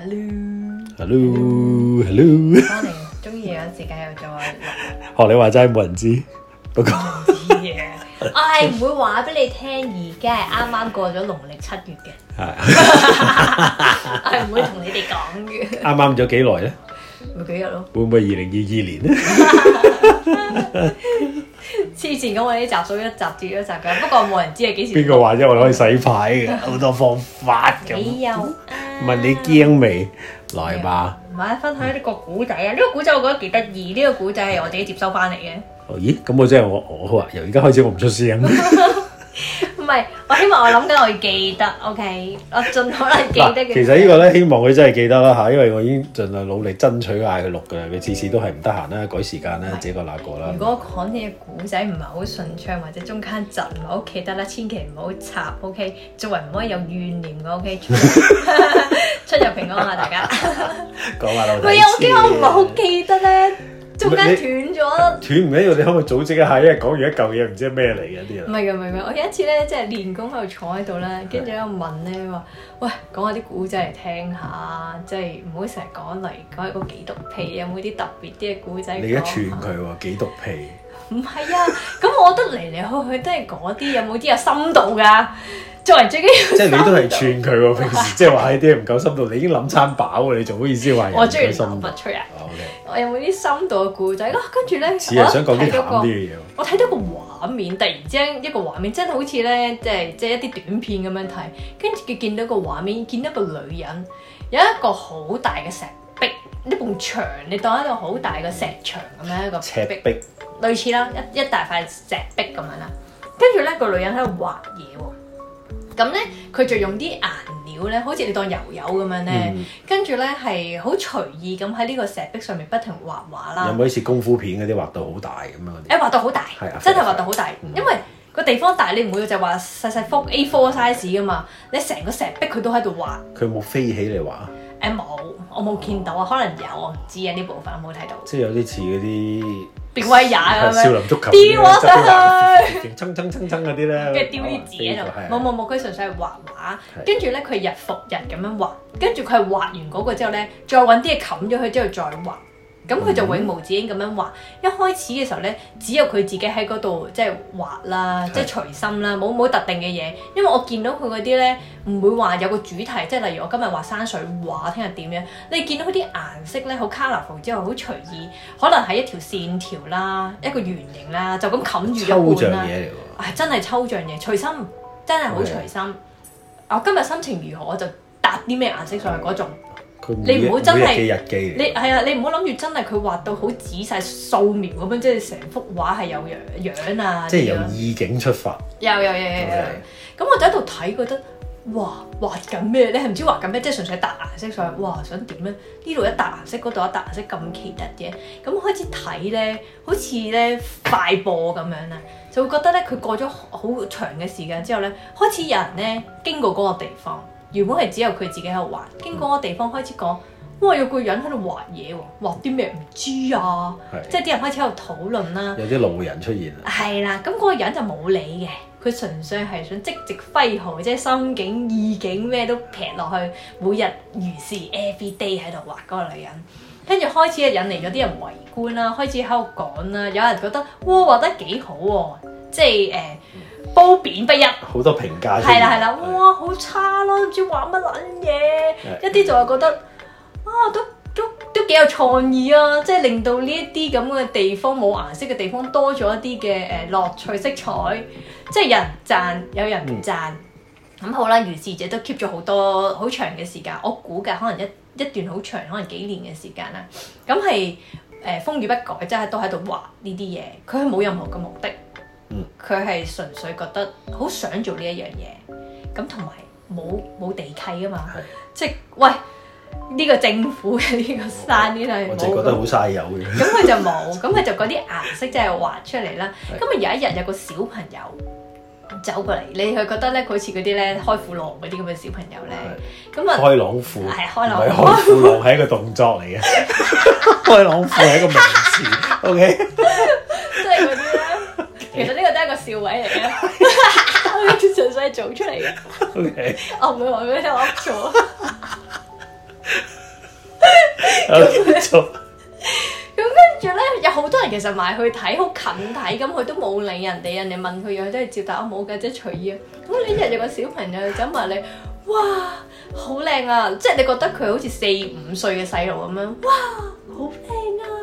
hello hello hello，返嚟，中意有時間又再。學你話齋冇人知，不過我係唔會話俾你聽，而家係啱啱過咗農曆七月嘅，我係唔會同你哋講嘅。啱啱咗幾耐咧？咪幾日咯？會唔會二零二二年咧？之前咁，我啲集數一集接一集噶，不過冇人知係幾時。邊個話啫？我哋可以洗牌嘅， 好多方法咁。你有、啊、問你驚未？來吧。唔係，分享一個古仔啊！呢個古仔我覺得幾得意。呢、呢個古仔係我自己接收翻嚟嘅。咦？咁我真、就、係、係、我我話，由而家開始我唔出聲。 喂，我希望我諗緊，我要記得，OK，我盡可能記得嘅。其實個呢個咧，希望佢真係記得啦吓，因為我已經盡量努力爭取嗌佢錄噶啦，佢次次都係唔得閒啦，改時間啦，這個那個啦。如果講啲嘢古仔唔係好順暢，或者中間窒唔喺屋企得啦，千祈唔好插，OK，作為唔可以有怨念嘅，OK， 出入平安啊，大家。講話老。底？唔係 o 我唔係好記得咧。中間斷咗，斷唔緊要，你可唔可以組織一下？因為講完一嚿嘢唔知係咩嚟嘅啲人。唔係㗎，唔係㗎，我有一次咧，即係練功喺度坐喺度咧，跟住喺度問咧話，喂，講下啲古仔嚟聽下，即係唔好成日講嚟講去個幾毒屁，有冇啲特別啲嘅古仔？你一串佢話幾毒屁？唔係啊，咁我覺得嚟嚟去去都係嗰啲，有冇啲有深度噶？作為最緊要即係你都係串佢喎、啊， 平時即係話啲嘢唔夠深度，你已經諗餐飽喎、啊，你仲好意思話我中意神秘出人。Oh, okay. 我有冇啲深度嘅故仔啦、啊？跟住咧，是我啲嘅嘢。我睇到個畫面，突然之間一個畫面真係好似咧，即係即係一啲短片咁樣睇，跟住佢見到個畫面，見到個女人，有一個好大嘅石壁。呢埲牆，你當一個好大個石牆咁樣一個石壁，壁類似啦，一一大塊石壁咁樣啦。跟住咧，個女人喺度畫嘢喎。咁咧，佢就用啲顏料咧，好似你當油油咁樣咧。跟住咧，係好隨意咁喺呢個石壁上面不停畫畫啦。有冇好似功夫片嗰啲畫到好大咁啊？誒，畫到好大,、欸、大，係呀真係畫到好大。係呀因為個地方大，你唔會就話細細幅係呀 A four size 噶嘛。你成個石壁佢都喺度畫。佢冇飛起嚟畫。誒冇，我冇見到啊，可能有我唔知啊，呢部分我冇睇到。即係有啲似嗰啲，少林足球，吊上去，蹭蹭蹭啲吊啲字喺度，冇冇冇，佢純粹係畫畫，跟住咧佢係日復日咁樣畫，跟住佢係畫完嗰個之後咧，再搵啲嘢冚咗佢之後再畫。咁佢、嗯、就永無止境咁樣畫。一開始嘅時候咧，只有佢自己喺嗰度即係畫啦，即係隨心啦，冇冇特定嘅嘢。因為我見到佢嗰啲咧，唔會話有個主題，即係例如我今日畫山水畫，聽日點樣？你見到佢啲顏色咧，好 colourful 之外，好隨意，可能係一條線條啦，一個圓形啦，就咁冚住一半啦。抽象嘢嚟喎！唉、啊哎，真係抽象嘢，隨心，真係好隨心。係嘅。我今日心情如何，我就搭啲咩顏色上去嗰種。你唔好真係，日日記你係啊！你唔好諗住真係佢畫到好仔細素描咁樣，即係成幅畫係有樣樣啊！即係有意境出發，有有有有有。咁、嗯、我就喺度睇，覺得哇，畫緊咩，你係唔知畫緊咩？即係純粹係搭顏色上去。哇！想點咧？呢度一搭顏色，嗰度一搭顏色，咁奇特嘅。咁、嗯、開始睇咧，好似咧快播咁樣啦，就會覺得咧，佢過咗好長嘅時間之後咧，開始有人咧經過嗰個地方。原本係只有佢自己喺度畫，經過個地方開始講：，哇，有個人喺度畫嘢喎，畫啲咩唔知啊！的即係啲人開始喺度討論啦。有啲路人出現啊。係啦，咁、那、嗰個人就冇理嘅，佢純粹係想即席揮毫，即係心境、意境咩都劈落去，每日如是 every day 喺度畫嗰個女人。跟住開始引嚟咗啲人圍觀啦，開始喺度講啦，有人覺得哇，畫得幾好喎、啊！即係誒。呃嗯褒貶不一，好多評價。係啦係啦，哇，好差咯、啊，唔知畫乜撚嘢，係，一啲就係覺得，啊，都都都幾有創意啊！即係令到呢一啲咁嘅地方冇顏色嘅地方多咗一啲嘅誒樂趣色彩。即係人讚有人唔讚，咁、嗯、好啦，如是者都 keep 咗好多好長嘅時間。我估計可能一一段好長，可能幾年嘅時間啦。咁係誒風雨不改，即係都喺度畫呢啲嘢。佢係冇任何嘅目的。佢係純粹覺得好想做呢一樣嘢，咁同埋冇冇地契啊嘛，即係喂，呢個政府嘅呢個山呢樣冇。我淨覺得好嘥油嘅。咁佢就冇，咁佢就嗰啲顏色真係畫出嚟啦。咁啊有一日有個小朋友走過嚟，你係覺得咧佢好似嗰啲咧開褲浪嗰啲咁嘅小朋友咧，咁啊開浪褲係開浪褲係一個動作嚟嘅，開浪褲係一個名詞。O K。笑位嚟嘅， 純粹係做出嚟嘅。OK，我唔會話畀你聽我有冇錯。咁跟住咧，有好多人其實買去睇，好近睇咁，佢都冇理人哋。人哋問佢，佢都係接答我冇嘅，即係隨意啊。咁你日有個小朋友走埋你：「哇，好靚啊！即係你覺得佢好似四五歲嘅細路咁樣，哇，好靚啊！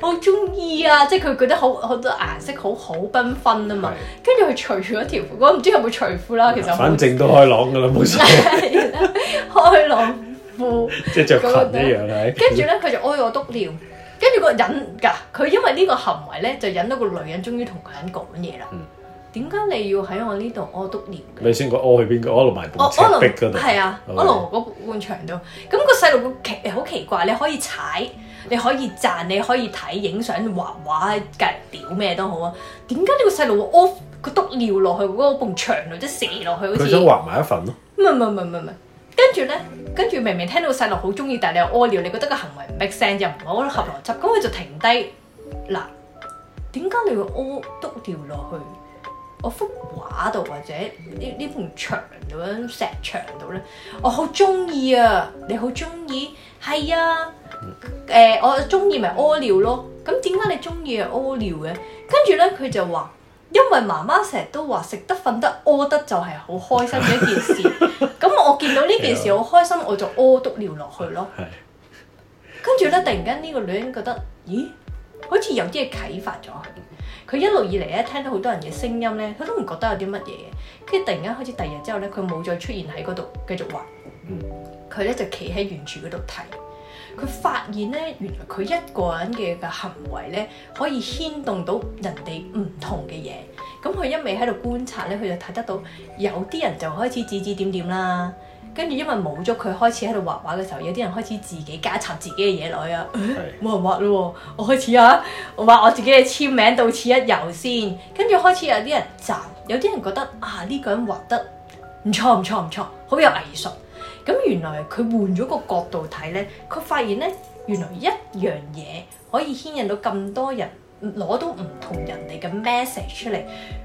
我好中意啊！即係佢覺得好好多顏色，好好繽紛啊嘛！跟住佢除咗條，我唔知有冇除褲啦。其實反正都開朗噶啦，冇錯。開朗褲即係著裙一樣，跟住咧，佢就屙我篤尿。跟住個忍噶，佢因為呢個行為咧，就忍到個女人終於同佢肯講嘢啦。點解你要喺我呢度屙篤尿？你先講屙去邊個？屙落埋半車壁嗰度。係啊，屙落嗰半場度。咁個細路好奇怪，你可以踩。你可以賺，你可以睇影相、畫畫，隔籬屌咩都好啊！點解你個細路會屙佢篤尿落去嗰個埲牆度，即係射落去好似？佢想畫埋一份咯。唔係唔係唔係唔係唔係，跟住咧，跟住明明聽到細路好中意，但係你又屙尿，你覺得個行為唔 make sense，又唔係好合邏輯，咁佢對就停低。嗱，點解你會屙篤尿落去？我幅畫度或者呢呢幅牆度，石牆度咧，我好中意啊！你好中意？係啊，誒、呃，我中意咪屙尿咯。咁點解你中意啊？屙尿嘅？跟住咧，佢就話，因為媽媽成日都話食得、瞓得、屙得就係好開心嘅一件事。咁 我見到呢件事好開心，我就屙督尿落去咯。跟住咧，突然間呢個女人覺得，咦，好似有啲嘢啟發咗佢。佢一路以嚟咧聽到好多人嘅聲音咧，佢都唔覺得有啲乜嘢。跟住突然間開始第二日之後咧，佢冇再出現喺嗰度繼續畫。嗯，佢咧就企喺原處嗰度睇，佢發現咧原來佢一個人嘅嘅行為咧可以牽動到人哋唔同嘅嘢。咁佢一味喺度觀察咧，佢就睇得到有啲人就開始指指點點啦。跟住，因為冇咗佢開始喺度畫畫嘅時候，有啲人開始自己加插自己嘅嘢落去啊！冇、哎、是人畫啦、啊，我開始啊，我畫我自己嘅簽名到此一遊先。跟住開始有啲人讚，有啲人覺得啊，呢、這個人畫得唔錯唔錯唔錯，好有藝術。咁原來佢換咗個角度睇咧，佢發現咧，原來一樣嘢可以牽引到咁多人。攞到唔同人哋嘅 message 出嚟，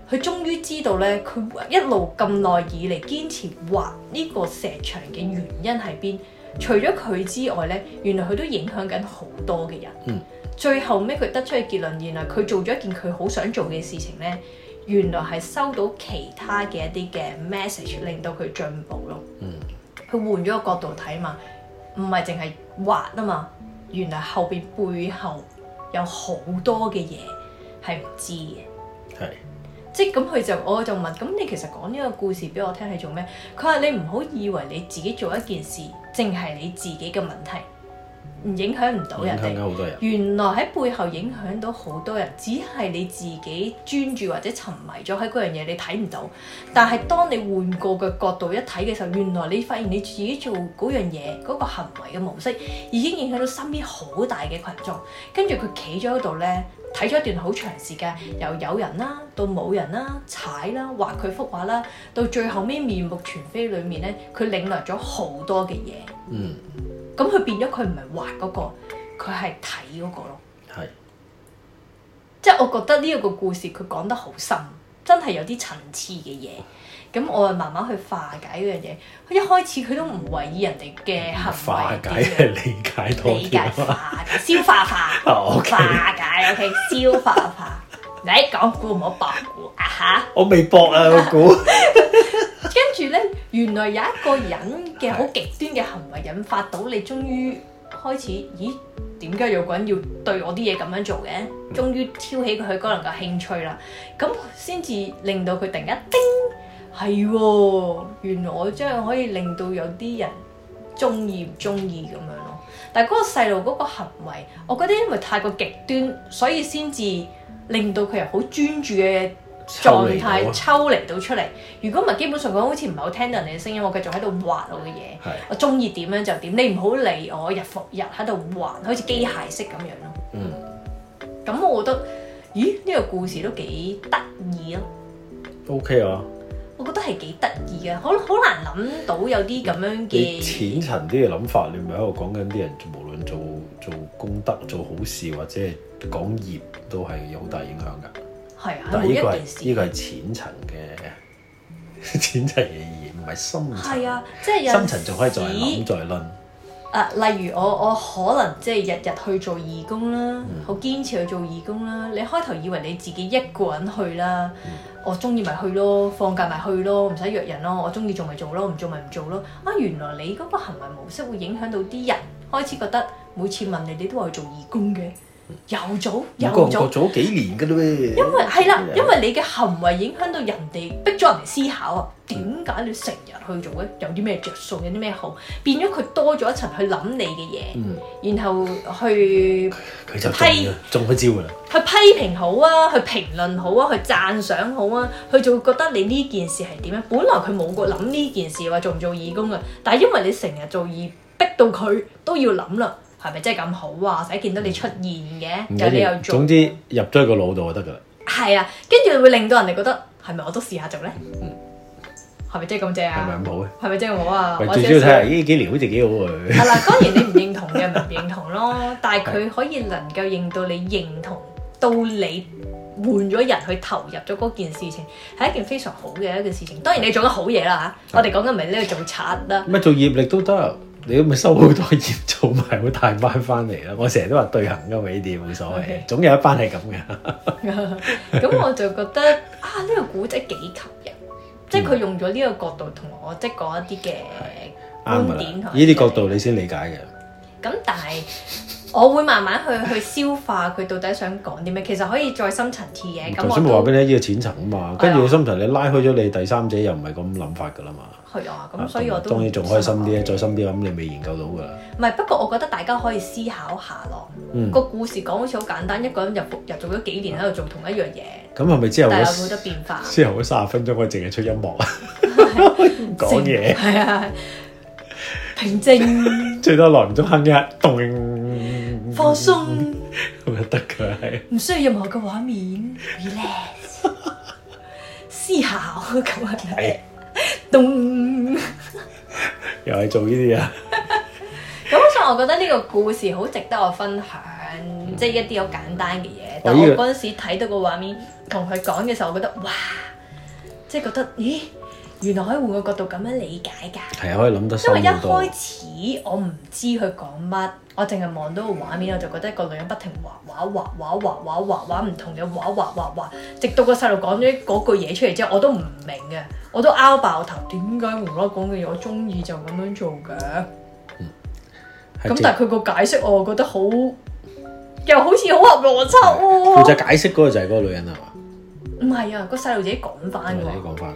佢終於知道咧，佢一路咁耐以嚟堅持畫呢個石牆嘅原因喺邊。除咗佢之外咧，原來佢都影響緊好多嘅人。嗯、最後尾佢得出嘅結論，原來佢做咗一件佢好想做嘅事情咧，原來係收到其他嘅一啲嘅 message，令到佢進步咯。佢換咗個角度睇嘛，唔係淨係畫啊嘛，原來後邊背後。有好多嘅嘢係唔知嘅，係。即係咁佢就我就問：咁你其實講呢個故事俾我聽係做咩？佢話：你唔好以為你自己做一件事，淨係你自己嘅問題。唔影響唔到人哋，好多人原來喺背後影響到好多人，只係你自己專注或者沉迷咗喺嗰樣嘢，你睇唔到。但係當你換過個角度一睇嘅時候，原來你發現你自己做嗰樣嘢嗰個行為嘅模式，已經影響到身邊好大嘅群眾。跟住佢企咗喺度咧，睇咗一段好長時間，由有人啦，到冇人啦，踩啦，畫佢幅畫啦，到最後面面目全非。裡面咧，佢領略咗好多嘅嘢。嗯。咁佢變咗，佢唔係畫嗰、嗰個，佢係睇嗰個咯。係、嗯。即係我覺得呢一個故事，佢講得好深，真係有啲層次嘅嘢。咁我係慢慢去化解嗰樣嘢。佢一開始佢都唔為意人哋嘅行為。化解係理解多，理解化消 化化。Oh, okay. 化解 OK，消化化。 你講估唔好博估啊嚇！ 我未博啊個估。跟住咧，原來有一個人嘅好極端嘅行為引發到你，終於開始，咦？點解有個人要對我啲嘢咁樣做嘅？終於挑起佢可能嘅興趣啦，咁先至令到佢突然一叮，係喎、哦，原來我真係可以令到有啲人中意唔中意咁樣咯。但係嗰個細路嗰個行為，我覺得因為太過極端，所以先至令到佢又好專注嘅。狀態抽離到出嚟，如果唔係基本上講，好似唔係好聽到人哋嘅聲音，我繼續喺度畫我嘅嘢，是的 我中意點樣就點，你唔好理我日復日喺度還，好似機械式咁樣咯。嗯，嗯，咁我覺得，咦，呢個故事都幾得意咯。O Okay K 啊，我覺得係幾得意嘅。好好難諗到有啲咁樣嘅淺層啲嘅諗法。你咪喺度講緊啲人，無論做做功德、做好事或者係講業，都係有好大影響噶。係，呢個係呢個係淺層嘅，淺層嘅意義，唔係深層。係啊，即、就、係、是、有深層仲可以再諗再論。啊，例如我我可能即係日日去做義工啦，好、嗯、堅持去做義工啦。你開頭以為你自己一個人去啦，嗯、我中意咪去咯，放假咪去咯，唔使約人咯，我中意做咪做咯，唔做咪唔做咯。啊，原來你嗰個行為模式會影響到啲人，開始覺得每次問你，你都話去做義工嘅。又早又早，又早幾年嘅啦，因為係啦，的因為你嘅行為影響到人哋，逼咗人哋思考啊。點解你成日去做咧？有啲咩着數？有啲咩好？變咗佢多咗一層去諗你嘅嘢，嗯、然後去、嗯、就批，中咗招啦。去批評好啊，去評論好啊，去贊賞好啊，佢就會覺得你呢件事係點樣？本來佢冇過諗呢件事話做唔做義工啊，但係因為你成日做義，逼到佢都要諗啦。係咪真係咁好啊？使見到你出現嘅，又你又做。總之入咗個腦度就得噶啦。係啊，跟住會令到人哋覺得係咪我都試下做咧？嗯，係咪真係咁正啊？係咪咁好啊？係咪真係好啊？我主要睇係依幾年好似幾好喎。係啦，當然你唔認同嘅唔認同咯，但係佢可以能夠認到你認同到你換咗人去投入咗嗰件事情，係一件非常好嘅一件事情。當然你做咗好嘢啦嚇，我哋講緊唔係呢度做賊啦，咩做業力都得。你都咪收好多葉做埋，會帶翻翻嚟咯。我成日都話對行噶嘛，呢啲，冇所謂。總有一班係咁嘅。咁我就覺得啊，呢、呢個古仔幾吸引，即係佢用咗呢個角度同我、嗯、即係講一啲嘅觀點，呢啲角度你先理解嘅。咁但係。我會慢慢去去消化佢到底想講啲咩，其實可以再深層次嘅。頭先我話俾你呢個淺層啊嘛，跟住深層你拉開咗，你第三者又唔係咁諗法噶啦嘛。係啊，咁所以我都當然仲開心啲再深啲咁你未研究到噶。唔係，不過我覺得大家可以思考下咯。個故事講好似好簡單，一個人又又做咗幾年喺度做同一樣嘢。咁係咪之後會有好多變化？之後三十分鐘可以淨係出音樂啊，講嘢係啊，平靜最多耐唔中哼一動。放鬆，咁又得嘅係。唔需要任何嘅畫面，relax，思考咁係咪？動 ，又係做呢啲啊？咁所以，我覺得呢個故事好值得我分享，即係、嗯、一啲好簡單嘅嘢。哦、但我嗰陣時睇到個畫面，同佢講嘅時候，我覺得哇，即、就、係、是、覺得咦。原來可以換個角度咁樣理解㗎，係啊，可以諗得深好多。因為一開始我唔知佢講乜，我淨係望到個畫面，我就覺得個女人不停畫畫畫畫畫畫畫唔同嘅畫畫畫畫，直到個細路講咗嗰句嘢出嚟之後，我都唔明啊！我都拗爆頭，點解無啦啦講嘅嘢我中意就咁樣做嘅？嗯，咁但係佢個解釋我覺得好，又好似好合邏輯喎。佢就解釋嗰個就係嗰個女人啊嘛？唔係啊，個細路仔自己講翻㗎。講翻。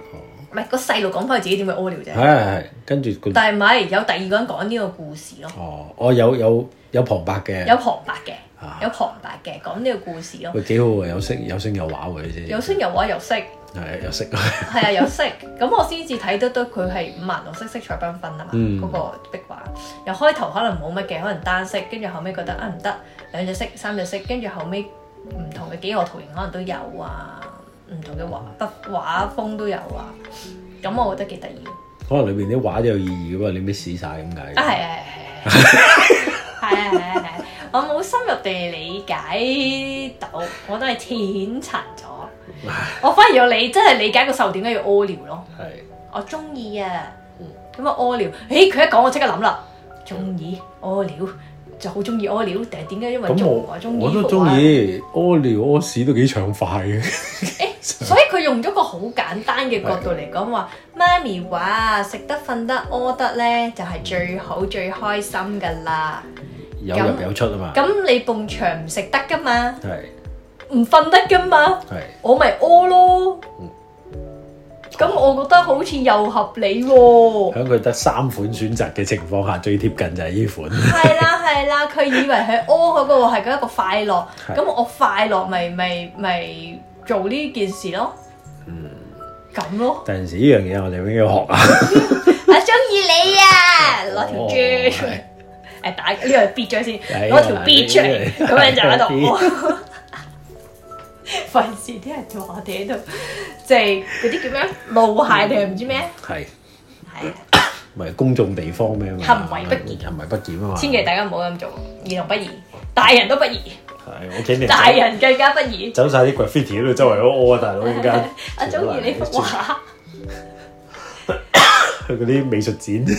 唔係個細路講翻佢自己點會屙尿啫。係係係，跟住。但係唔係有第二個人講呢個故事咯？哦，我有有有旁白嘅。有旁白嘅。有旁白嘅講呢個故事咯。佢、啊、幾好啊！有聲有聲有畫喎，你先。有聲有畫有色。係有色。係 啊有色，咁我先至睇得到佢係五顏六色、色彩繽紛啊嘛，嗰、嗯、個壁畫。由開頭可能冇乜嘅，可能單色，跟住後尾覺得啊唔得，兩隻色，色、三隻色，色，跟住後尾唔同嘅幾個圖形可能都有啊。唔同嘅畫筆畫風都有啊，咁我覺得幾得意。可能裏邊啲畫都有意義嘅喎，你俾屎晒，咁解、啊？啊係係係係係係係我冇深入地理解到，我都係淺層咗。 我反而有理真係理解個獸點解要屙尿咯。係是，我中意啊。嗯。咁啊屙尿，誒佢一講我即刻諗啦，中意屙尿就好中意屙尿，定係點解因為中啊中意？我，我，我都中意，屙尿屙屎都幾暢快嘅。所以佢用咗個好簡單嘅角度嚟講話，媽咪話食得瞓得屙得咧，就係最好最開心嘅啦。有入有出啊嘛。咁你埲牆唔食得噶嘛？係。唔瞓得噶嘛？係。我咪屙咯。咁我覺得好似又合理喎。喺佢得三款選擇嘅情況下，最貼近就係呢款。係啦係啦，佢以為係屙嗰個係嗰一個快樂，咁我快樂咪咪咪做呢件事咯，嗯，咁咯。第陣時呢樣嘢我哋應該要學啊！我中意你啊，攞條 J 出嚟，誒打呢個 B J 先，攞條 B 出嚟，咁樣就喺度。費事啲人同我哋喺度，即係嗰啲叫咩啊？露械定係唔知咩？係係啊，唔係公眾地方咩嘛？行為不檢，行為不檢啊嘛！千祈大家唔好咁做，言論不移。大人都不易，係我肯定。大人更加不易，走晒啲 graffiti 度，周圍都屙啊！大佬而家，我中意呢幅畫，去嗰啲美術展，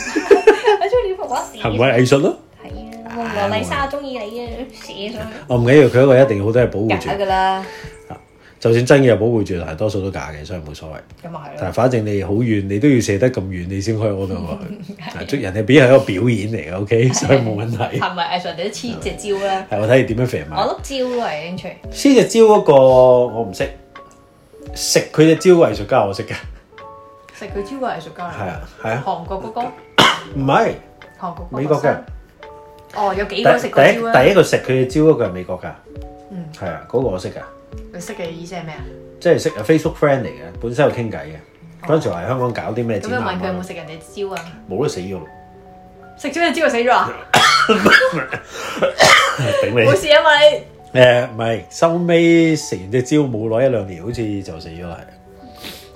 我中意呢幅畫，行為藝術咯，係啊，黃麗莎中意你啊，我唔記得佢一個一定要好多嘢保護住噶啦。就算真嘅又保護住，但係多數都假嘅，所以冇所謂。咁啊但係反正你好遠，你都要射得咁遠，你先可以攞到佢。係，捉人哋，比如一個表演嚟嘅，OK，所以冇問題。係咪？阿 Sir，你都黐隻蕉啦？係我睇你點樣肥埋。我都蕉啊，Andrew，黐隻蕉嗰個我唔識，食佢隻蕉嘅藝術家我識嘅。食佢蕉嘅藝術家，係啊係啊，韓國嗰個，唔係韓國，美國嘅。哦，有幾個食？第一第一個食佢嘅蕉嗰個係美國㗎。嗯，係啊，嗰個我識㗎。佢識嘅意思係咩啊？即係識啊，Facebook friend 嚟嘅，本身有傾偈嘅。嗰陣時係香港搞啲咩展覽啊？咁你問佢有冇食人哋蕉啊？冇都死咗啦！食咗隻蕉就死咗啊？頂 你！冇事因嘛誒，唔係，uh,，收尾食完隻蕉冇耐一兩年，好似就死咗係。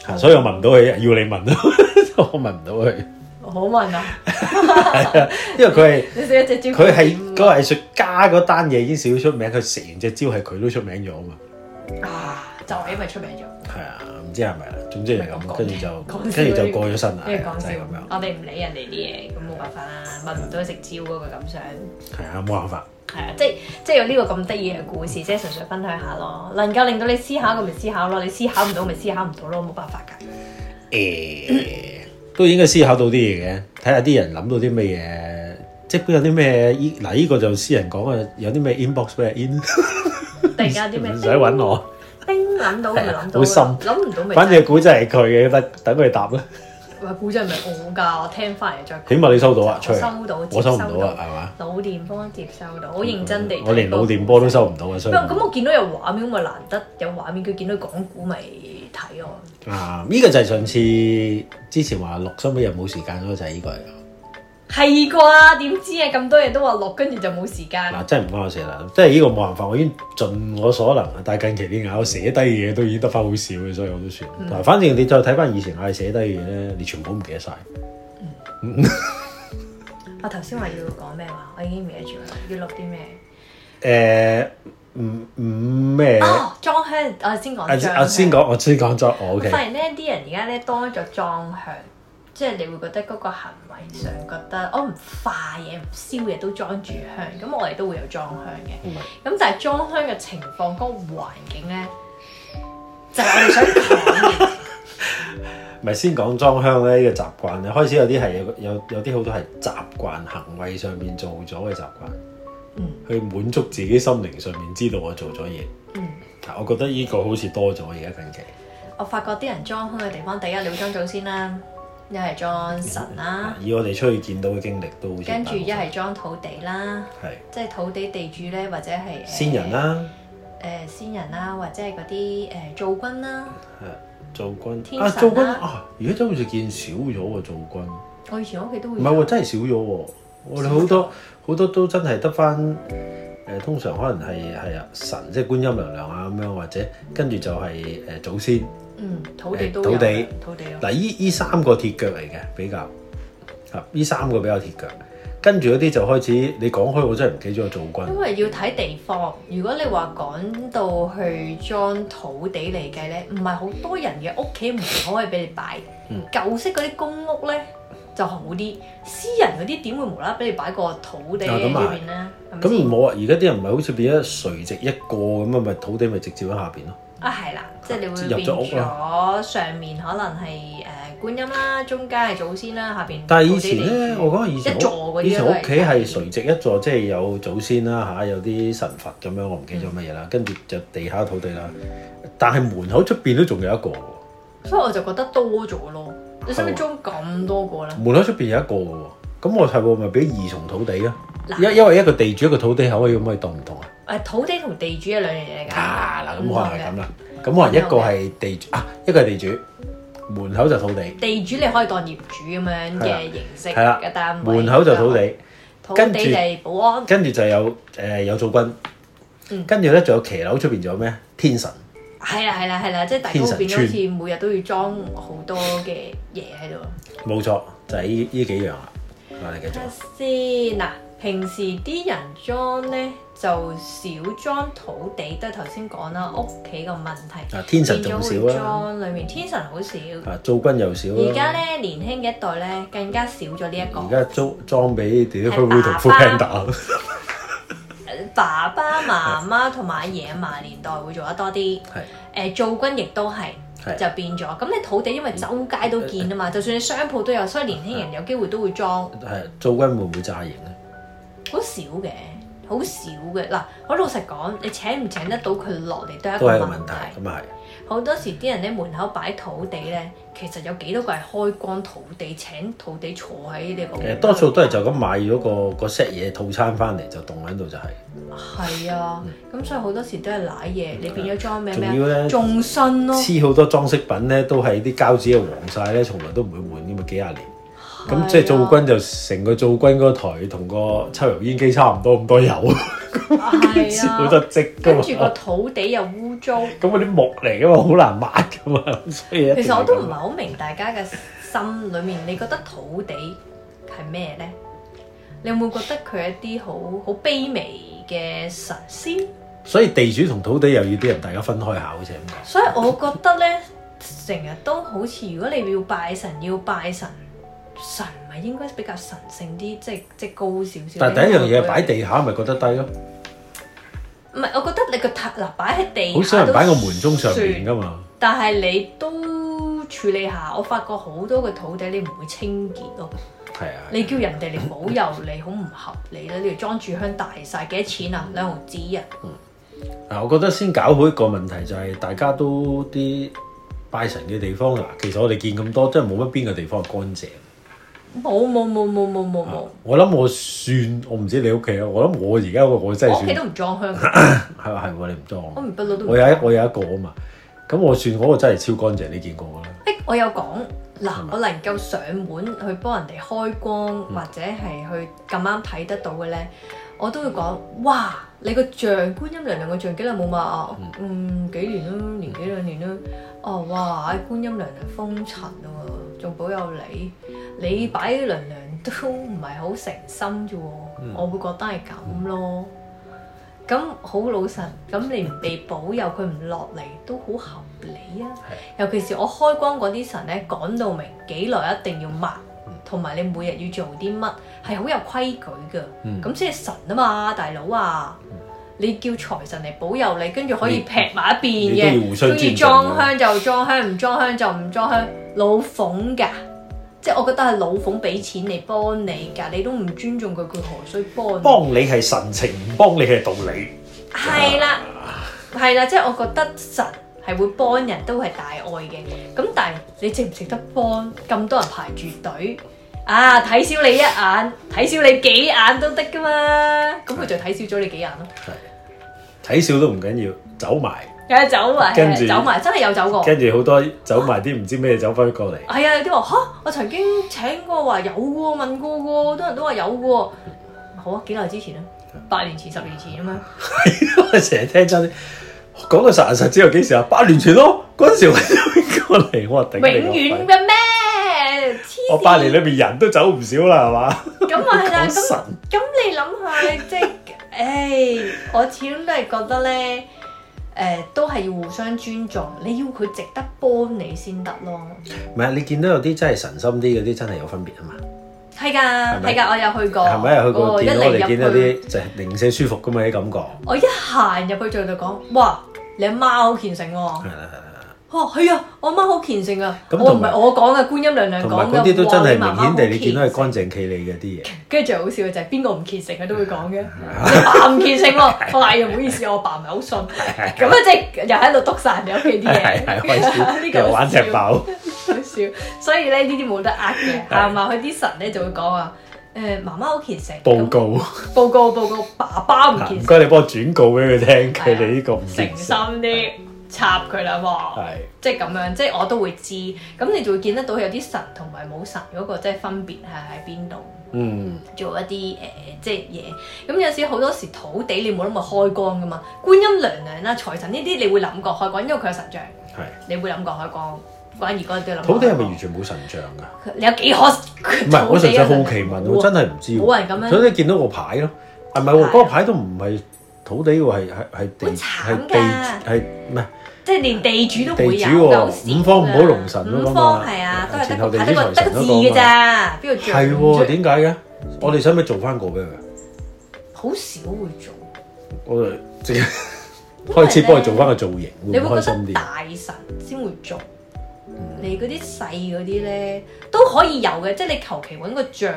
吓， 所以我問唔到佢，要你問咯， 我問唔到佢。好問啊！係 啊， 因為佢係，你食一隻蕉，佢係個藝術家，嗰單嘢已經少出名，佢食完隻蕉係佢都出名咗啊嘛。啊！就係因為出名咗，係啊，唔知係咪啦，總之係咁，跟住就，跟住就過咗身啦，跟住講笑咁樣。我哋唔理人哋啲嘢，咁冇辦法啦，問唔到食蕉嗰個感想。係啊，冇辦法。係啊，即係即係有呢個咁得意嘅故事，即係純粹分享下咯。能夠令到你思考，咪思考咯；你思考唔到，咪思考唔到咯，冇辦法噶。誒，都應該思考到啲嘢嘅，睇下啲人諗到啲咩嘢，即係有啲咩？嗱，呢個就私人講啊，有啲咩 inbox 俾 in？ 突然間啲咩？唔使揾我，叮諗名聲到咪諗到，諗唔 到咪、啊、反正古仔係佢嘅，等等佢答啦。話古仔係咪我㗎？我聽翻嚟，再起碼你收到啊？收到，我收唔到啊，係嘛？腦電波接收到，好天、啊、認真地。我連腦電波都收唔到啊！ 不所以咁我見到有畫面咁咪 難得有畫面，佢見到講古咪睇咯。嗱、嗯，呢、這個就係上次之前話錄，收尾又冇時間咗，就係呢個嚟。係啩？點知啊？咁多嘢都話錄，跟住就冇時間。嗱、啊，真係唔關我事啦，即係呢個冇辦法，我已經盡我所能。但係近期啲嘢我寫低嘢都已經得翻好少嘅，所以我都算。嗱、嗯，反正你再睇翻以前我寫低嘢咧，嗯、你全部都唔記得晒。嗯、 我頭先話要講咩話？我已經唔記得住啦。要錄啲咩？誒、呃，唔唔咩？嗯、啊，裝香！我先講我、啊、先講，我先講咗我嘅。OK、我發現呢啲人而家咧多咗裝香。即係你會覺得嗰個行為上覺得我唔、嗯哦、化嘢，唔燒嘢都裝住香，咁我哋都會有裝香嘅。咁但係裝香嘅情況個環境咧，就係、我哋、想講，唔係 先講裝香咧，呢個習慣咧，開始有啲係有有有啲好多係習慣行為上面做咗嘅習慣，嗯、去滿足自己心靈上面知道我做咗嘢，嗯，但我覺得呢個好似多咗而家近期，我發覺啲人裝香嘅地方第一你要裝早先啦。一係裝神啦、啊，以我哋出去見到嘅經歷都跟住一係裝土地啦，係是即係土地地主咧，或者係仙人啦、啊，誒仙、呃、人啦、啊，或者係嗰啲誒灶君啦、啊，係灶君，天神啊，而家真好似見少咗喎灶君。我以前屋企都唔係、哦、真係少咗、哦，我哋好多好的多都真係得返誒，通常可能係係啊神，即係觀音娘娘啊咁樣，或者跟住就係誒祖先。嗯，土地都、欸、土地土地。嗱，依依三個鐵腳嚟嘅比較，啊，依三個比較鐵腳，跟住嗰啲就開始你講開，我真係唔記得咗做軍。因為要睇地方，如果你話講到去裝土地嚟嘅咧，唔係好多人嘅屋企門口可以俾你擺。舊式嗰啲公屋咧就好啲，私人嗰啲點會無啦啦俾你擺個土地喺裏邊咧？咁唔好啊！而家啲人唔係好似變咗垂直一個咁啊，咪土地咪直接喺下邊咯。啊，係啦，即係你會變咗上面可能係誒觀音啦，中間係祖先啦，下邊，但係以前咧，我講下以前，以前屋企係垂直一座，即係有祖先啦，吓有啲神佛咁樣，我唔記咗乜嘢啦，跟住就地下土地啦。但係門口出邊都仲有一個，所以我就覺得多咗咯。你使唔使裝咁多個咧？門口出邊有一個嘅，咁我睇過咪俾二重土地啊？因因為一個地主一個土地，可可以可唔可以當唔同啊？誒土地同地主係兩樣嘢嚟㗎。啊嗱，咁可能係咁啦。咁可能一個係地啊，一個係地主。門口就土地。地主你可以當業主咁樣嘅形式。係啦，一單位。門口就土地。土地嚟保安。跟住就有誒有灶君。嗯。跟住咧，仲有騎樓出邊，仲有咩？天神。係啦，係啦，係啦，即係大屋入邊好似每日都要裝好多嘅嘢喺度。冇錯，就係呢呢幾樣啦。你繼續先。嗱，平時啲人裝咧，就少裝土地，都係頭先講啦，屋企個問題，天神仲少啊，裏面天神好少啊，灶君又少。而家咧，年輕嘅一代咧更加少咗呢一個。而家裝裝俾啲灰灰同灰灰打。爸爸， 爸爸媽媽同埋阿爺阿嫲年代會做得多啲，誒灶的、啊、君亦都係，的就變咗。咁你土地因為周街都見啊嘛，嗯嗯嗯嗯、就算你商鋪都有，所以年輕人有機會都會裝。係灶君會唔會炸型咧？好少嘅。少好少嘅嗱，我老實講，你請唔請得到佢落嚟都係一個問題。咁啊係。好多時啲人咧門口擺土地咧，其實有幾多個係開光土地？請土地坐喺呢個。其實多數都係就咁買咗個個 set 嘢套餐翻嚟就棟喺度就係、係。係啊的，咁、嗯、所以好多時都係瀨嘢，的你變咗裝咩仲要咧，縱新咯。黐好多裝飾品咧，都係啲膠紙嘅黃晒咧，從來都唔會換，因為幾廿年。咁即係灶君就成個灶君嗰台同個抽油煙機差唔多咁多油，好多積， 跟住個土地又污糟。咁嗰啲木嚟嘅嘛，好難抹嘅嘛，所以其實我都唔係好明大家嘅心裏面，你覺得土地係咩咧？你有冇覺得佢係一啲好好卑微嘅神仙？所以地主同土地又要啲人大家分開下好似咁。所以我覺得咧，成日都好似如果你要拜神，要拜神。神咪應該比較神聖啲，即係即係高少少。但係第一樣嘢擺地下，咪覺得低咯。唔係，我覺得你塔個塔嗱擺喺地下都算，好少人擺喺個門鐘上面㗎嘛。但係你都處理下，我發覺好多個土地你唔會清潔咯。係啊，啊你叫人哋嚟保佑你好唔 合理咧？你要裝住香大晒幾多錢啊？嗯、兩毫紙、嗯嗯、啊！嗱，我覺得先搞好一個問題就係大家都啲拜神嘅地方嗱，其實我哋見咁多真係冇乜邊個地方係乾淨。冇冇冇冇冇冇冇！我諗我算，我唔知你屋企啊。我諗我而家我我真係算，屋企都唔裝香。係係喎，你唔裝。我唔不嬲都不我。我有一我有一個啊嘛，咁我算嗰個真係超乾淨，你見過㗎啦。誒，我有講嗱，吧我能夠上門去幫人哋開光，或者係去咁啱睇得到嘅咧，我都會講哇。嗯嘩你個像觀音娘娘個像幾耐冇抹啊？嗯，幾年啦，年幾兩年啦？哦，哇！觀音娘娘封塵喎，啊，仲保佑你，你擺娘娘都唔係好誠心啫喎，我會覺得係咁咯。咁好老實，咁你唔被保佑，佢唔落嚟都好合理啊。尤其是我開光嗰啲神咧，講到明幾耐一定要抹。同埋你每日要做啲乜，係好有規矩㗎。咁即係神啊嘛，大佬啊！嗯、你叫財神嚟保佑你，跟住可以劈埋一邊嘅。中意、啊、裝香就裝香，唔裝香就唔裝香。老奉㗎，即係我覺得係老奉俾錢嚟幫你㗎，你都唔尊重佢，佢何須幫你？幫你係神情，唔幫你係道理。係啦、啊，係啦，即係我覺得神，係會幫人都係大愛嘅，咁但係你值唔值得幫咁多人排住隊啊？睇少你一眼，睇少你幾眼都得噶嘛？咁佢就睇少咗你幾眼咯。係睇少都唔緊要，走埋有、啊、走埋，跟住走埋真係有走過，跟住好多走埋啲唔知咩走翻過嚟。係啊，有啲話吓，我曾經請過話有嘅，問過個，多人都話有嘅。好啊，幾耐之前啊？八年前、十年前啊嘛。係啊，我成日聽真。講到實人實知有幾時啊？八年前咯，嗰陣時我先過嚟，我話頂你個肺。永遠嘅咩？尚我八年裏面人都走唔少啦，係嘛？咁咪係啦。咁咁 你諗下， 即係，唉、欸，我始終都係覺得咧，誒、呃，都係要互相尊重。你要佢值得幫你先得咯。唔係啊，你見到有啲真係神心啲嗰啲，真係有分別啊嘛。係噶，係噶的吧，我有去過。琴日啊？有去過，我哋一見到啲就係零舍舒服噶嘅啲感覺。我一行入去就就講，哇！你阿媽好虔誠喎、哦，哦係啊，我阿媽好虔誠啊、哦！和我唔係我講嘅，觀音娘娘講嘅。同啲都真係明顯地，你見到係乾淨企理嘅啲嘢。跟住最好笑嘅就係邊個唔虔誠佢都會講嘅，你 爸唔虔誠喎、哦，我話又唔好意思，我阿爸唔係好信。咁啊即係又喺度篤晒人哋屋企啲嘢。係，係好笑，呢個玩石包。好笑，所以咧呢啲冇得呃嘅，係咪 吧？佢啲神咧就會講啊。誒媽媽好虔誠，報告報告報告，爸爸唔虔誠。唔該，你幫我轉告俾佢聽，佢哋呢個唔虔誠。誠心啲、嗯、插佢啦，係、嗯、親即係咁樣，即係我都會知。咁你就會見得到有啲神同埋冇神嗰個即係分別係喺邊度？嗯，做一啲誒、呃、即係嘢。咁有時好多時土地你冇諗過開光噶嘛？觀音娘娘啦、財神呢啲你會諗過開光，因為佢有神像，係是你會諗過開光。關二土地係咪完全冇神像㗎？你有幾可？唔係，我純粹好奇問，我真係唔知喎。冇人咁樣。所以見到個牌咯，係咪喎？嗰個牌都唔係土地喎，係係係係地係地係唔係？即係連地主都會有五方唔好，龍神啫方係啊，都係前後地主財神㗎咋。邊度最？係喎？點解嘅？我哋使唔使做翻個俾佢？好少會做。我直接開始幫佢做翻個造型，會開心啲。大神先會做。你嗰啲細嗰啲咧都可以有嘅，即係你求其揾個像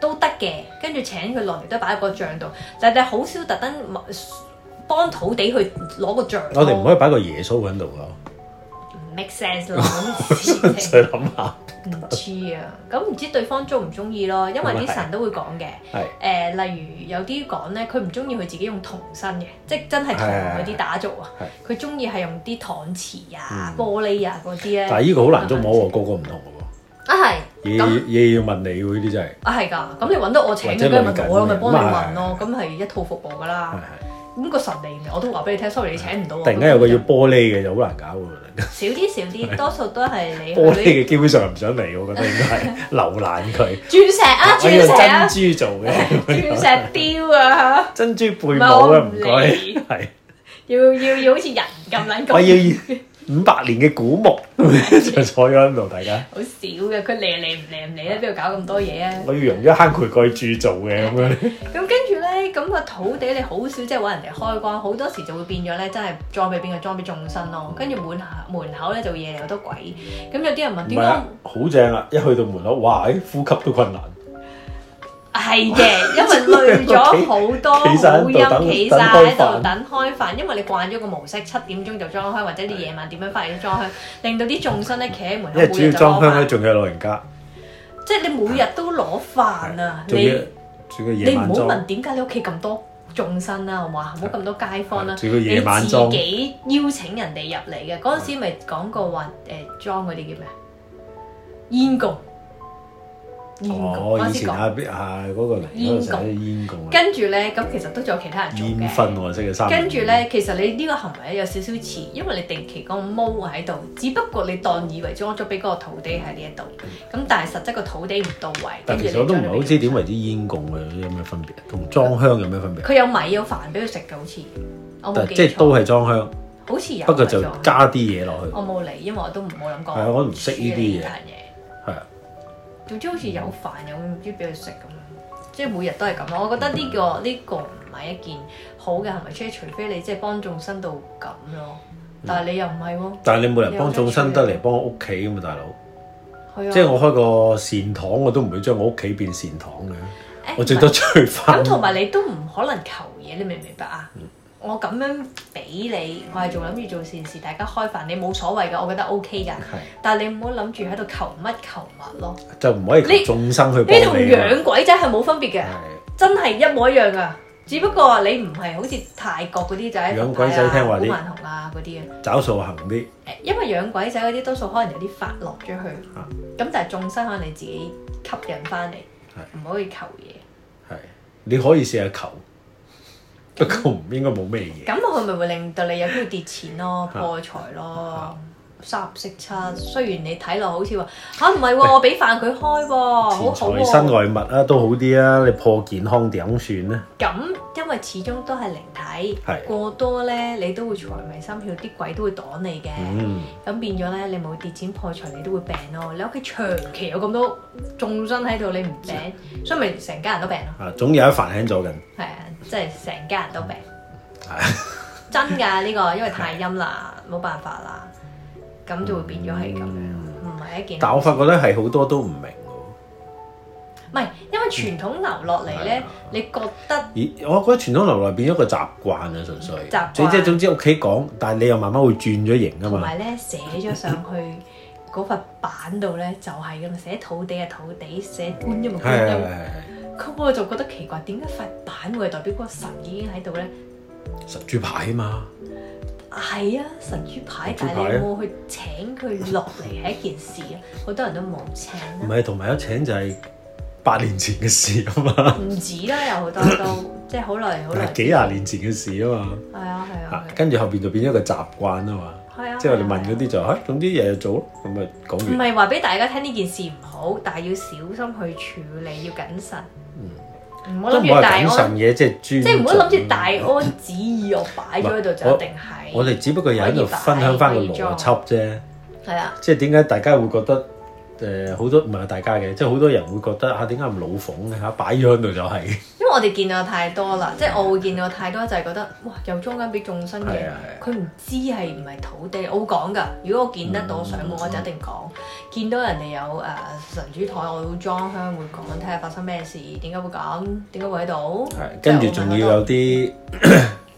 都得嘅，跟住請佢落嚟都擺喺個像度，但係好少特登幫土地去攞個像。我哋唔可以擺個耶穌喺度㗎。make sense 咯，咁諗下，唔知啊，咁唔知對方中唔中意咯，因為啲神都會講嘅，誒，例如有啲講咧，佢唔中意佢自己用銅身嘅，即係真係銅嗰啲打造啊，佢中意係用啲搪瓷啊、玻璃啊嗰啲咧。但係呢個好難捉摸喎，個個唔同嘅喎。啊係，嘢要問你喎，呢啲真係。啊係㗎，咁你揾到我請嘅咧，我咪幫你問咯，咁係一套服務㗎啦。咁個神嚟嘅，我都話俾你聽，sorry 你請唔到我。突然間有個要玻璃嘅就好難搞喎。少啲少啲，多數都係你。玻璃嘅基本上唔想嚟，我覺得應該係留難佢。鑽石啊，鑽石啊，珍珠做嘅。鑽石雕啊嚇。珍珠貝母啊，唔該，係。要要要好似人咁樣講，五百年嘅古墓，就 坐咗喺度，大家。 好少嘅，佢嚟嚟唔嚟唔嚟咧？邊度 搞咁多嘢啊？我要用一坑渠蓋柱做嘅咁樣。咁跟住咧，咁個土地你好少，即係揾人哋開光，好多時就會變咗咧，真係裝俾邊個裝俾眾生咯、啊。跟住門門口咧就會惹嚟好多鬼。咁有啲人問點解是？好正啊！一去到門口，哇！誒，呼吸都困難。係嘅，因為累咗好多好陰企晒。喺度等，等，等開飯，因為你慣咗個模式，七點鐘就裝香，或者你夜晚點樣快啲裝香，令到啲眾生咧企喺門口每日主要裝香咧，仲有老人家。即係你每日都攞飯啊！你你唔好問點解你屋企咁多眾生啦，好嘛？唔好咁多街坊啦，你自己邀請人哋入嚟嘅嗰陣時說說，咪講過話誒裝嗰啲叫咩？煙供、呃。我以前啊，嗰個喺煙供跟住咧，咁其實都仲有其他人做煙燻黃色嘅衫。跟住咧，其實你呢個行為咧有少少似，因為你定期個毛喺度，只不過你當以為裝咗俾嗰個土地喺呢一度，咁但係實質個土地唔到位。但係我都唔係好知點為之煙供嘅，有咩分別？同裝香有咩分別？佢有米有飯俾佢食嘅，好似我冇記錯即係都係裝香。好似有，不過就加啲嘢落去。我冇理，因為我都冇諗過。係啊，我唔識呢啲嘢。總之好似有飯有啲俾佢食咁樣，即係每日都係咁咯。我覺得呢、呢個呢、呢個唔係一件好嘅行為，除除非你即係幫眾生到咁咯。但係你又唔係喎。但係你每日幫眾生得嚟幫我屋企咁嘛大佬。係啊。即係我開個善堂，我都唔會將我屋企變善堂嘅。欸、我最多退翻。咁同埋你都唔可能求嘢，你明唔明白啊？嗯我咁樣俾你，我係仲諗住做善事，大家開飯，你冇所謂噶，我覺得 OK 噶。的但係你唔好諗住喺度求乜求物咯。就唔可以眾生去幫你。你同養鬼仔係冇分別嘅，的真係一模一樣噶。只不過你唔係好似泰國嗰啲仔，就係、養鬼仔聽話啲，古曼紅啊嗰啲啊，找數行啲。誒，因為養鬼仔嗰啲多數可能有啲發落咗去，咁就係眾生可能你自己吸引翻嚟，唔的可以求嘢。係，你可以試下求。不過唔應該冇咩嘢。咁佢咪會令到你有機會跌錢咯，破財咯，三五色七。雖然你睇落好似話吓唔係喎，我俾飯佢開喎，好財身外物啊，都好啲啊。你破健康點算咧？咁因為始終都係靈體，過多咧你都會財迷心竅，啲鬼都會擋你嘅。咁變咗咧，你冇跌錢破財，你都會病咯。你屋企長期有咁多眾生喺度，你唔病，所以咪成家人都病咯。啊，總有一份輕咗緊。係啊。即係成家人都病， 真㗎呢、呢個，因為太陰啦，冇的辦法啦，咁就會變咗係咁樣，唔係、嗯、一件。但我發覺咧，係好多都唔明嘅。唔係，因為傳統流落嚟咧，嗯、你覺得？咦，我覺得傳統流落嚟變咗個習慣啦，純粹。習慣即係總之屋企講，但係你又慢慢會轉咗型啊嘛。同埋咧，寫咗上去嗰塊板度咧，就係、是、咁寫土地啊，土地寫觀音咪觀音。嗯的咁我就覺得奇怪，點解塊板會代表個神已經喺度咧？神主牌啊嘛，係啊，神主牌，但係你有冇去請佢落嚟係一件事啊，好多人都冇請。唔係，同埋有請就係八年前嘅事啊嘛。唔止啦，有好多都即係好耐，好耐幾廿年前嘅事啊嘛。係啊係啊，跟住後邊就變咗個習慣啊嘛。係啊，即係 to、yeah. 我哋問嗰啲就嚇，總之有嘢做咁咪講。唔係話俾大家聽呢件事唔好，但係要小心去處理，要謹慎。嗯，歐即係我係本嘢，即係專，即係唔好諗住大安旨意，我擺咗喺度就一定係。我哋只不過又喺度分享翻個邏輯啫，係、嗯、啊，即係點解大家會覺得？誒好、呃、多唔係大家嘅，即係好多人會覺得嚇點解咁老奉嘅嚇擺咗喺度就係。因為我哋見到太多啦，的即係我會見到太多就係覺得哇，又裝緊俾眾生嘅，佢唔知係唔係土地。我會講㗎，如果我見得到上網、嗯、我就一定講。的見到人哋有誒、呃、神主台，我會裝香會講，睇下發生咩事，點解會咁，點解會喺度。的就 跟住仲要有啲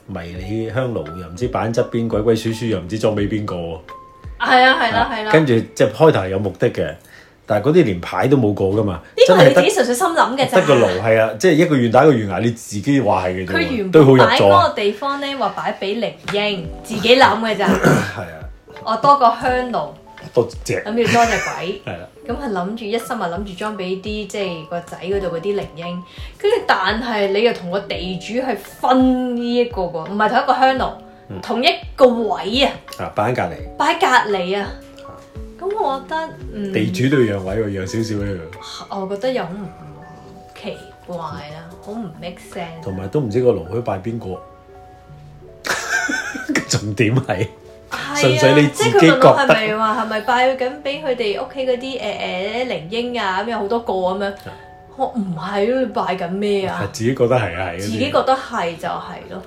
迷你香爐又唔知擺喺側邊，鬼鬼祟祟又唔知裝俾邊個。係啊係啦係啦。跟住即係開頭係有目的嘅。但係嗰啲連牌都冇過噶嘛，呢這個係你自己純粹心諗嘅啫。得個爐係啊，即、就、係、是、一個願打一個願挨，你自己話係嘅。佢原本擺嗰個地方咧，話擺俾靈嬰自己諗嘅咋係啊，哦，多個香爐，多隻諗住多隻鬼。係啦、 啊，咁係諗住一心啊，諗住裝俾啲即係個仔嗰度嗰啲靈嬰。跟住，但係你又同個地主去分呢一個個，唔係同一個香爐，嗯、同一個位啊。啊，擺喺隔離。擺喺隔離啊。咁我覺得，嗯、地主對讓位個讓少少一樣。我覺得又好唔奇怪啦，好唔 make sense。同埋都唔知個爐可以拜邊個？ 重點係是， 純粹你自己覺得係咪話係咪拜緊俾佢哋屋企嗰啲誒誒啲靈嬰啊？咁有好多個咁樣，嗯、我唔係咯，拜緊咩啊？自己覺得係啊，係。自己覺得係就係咯。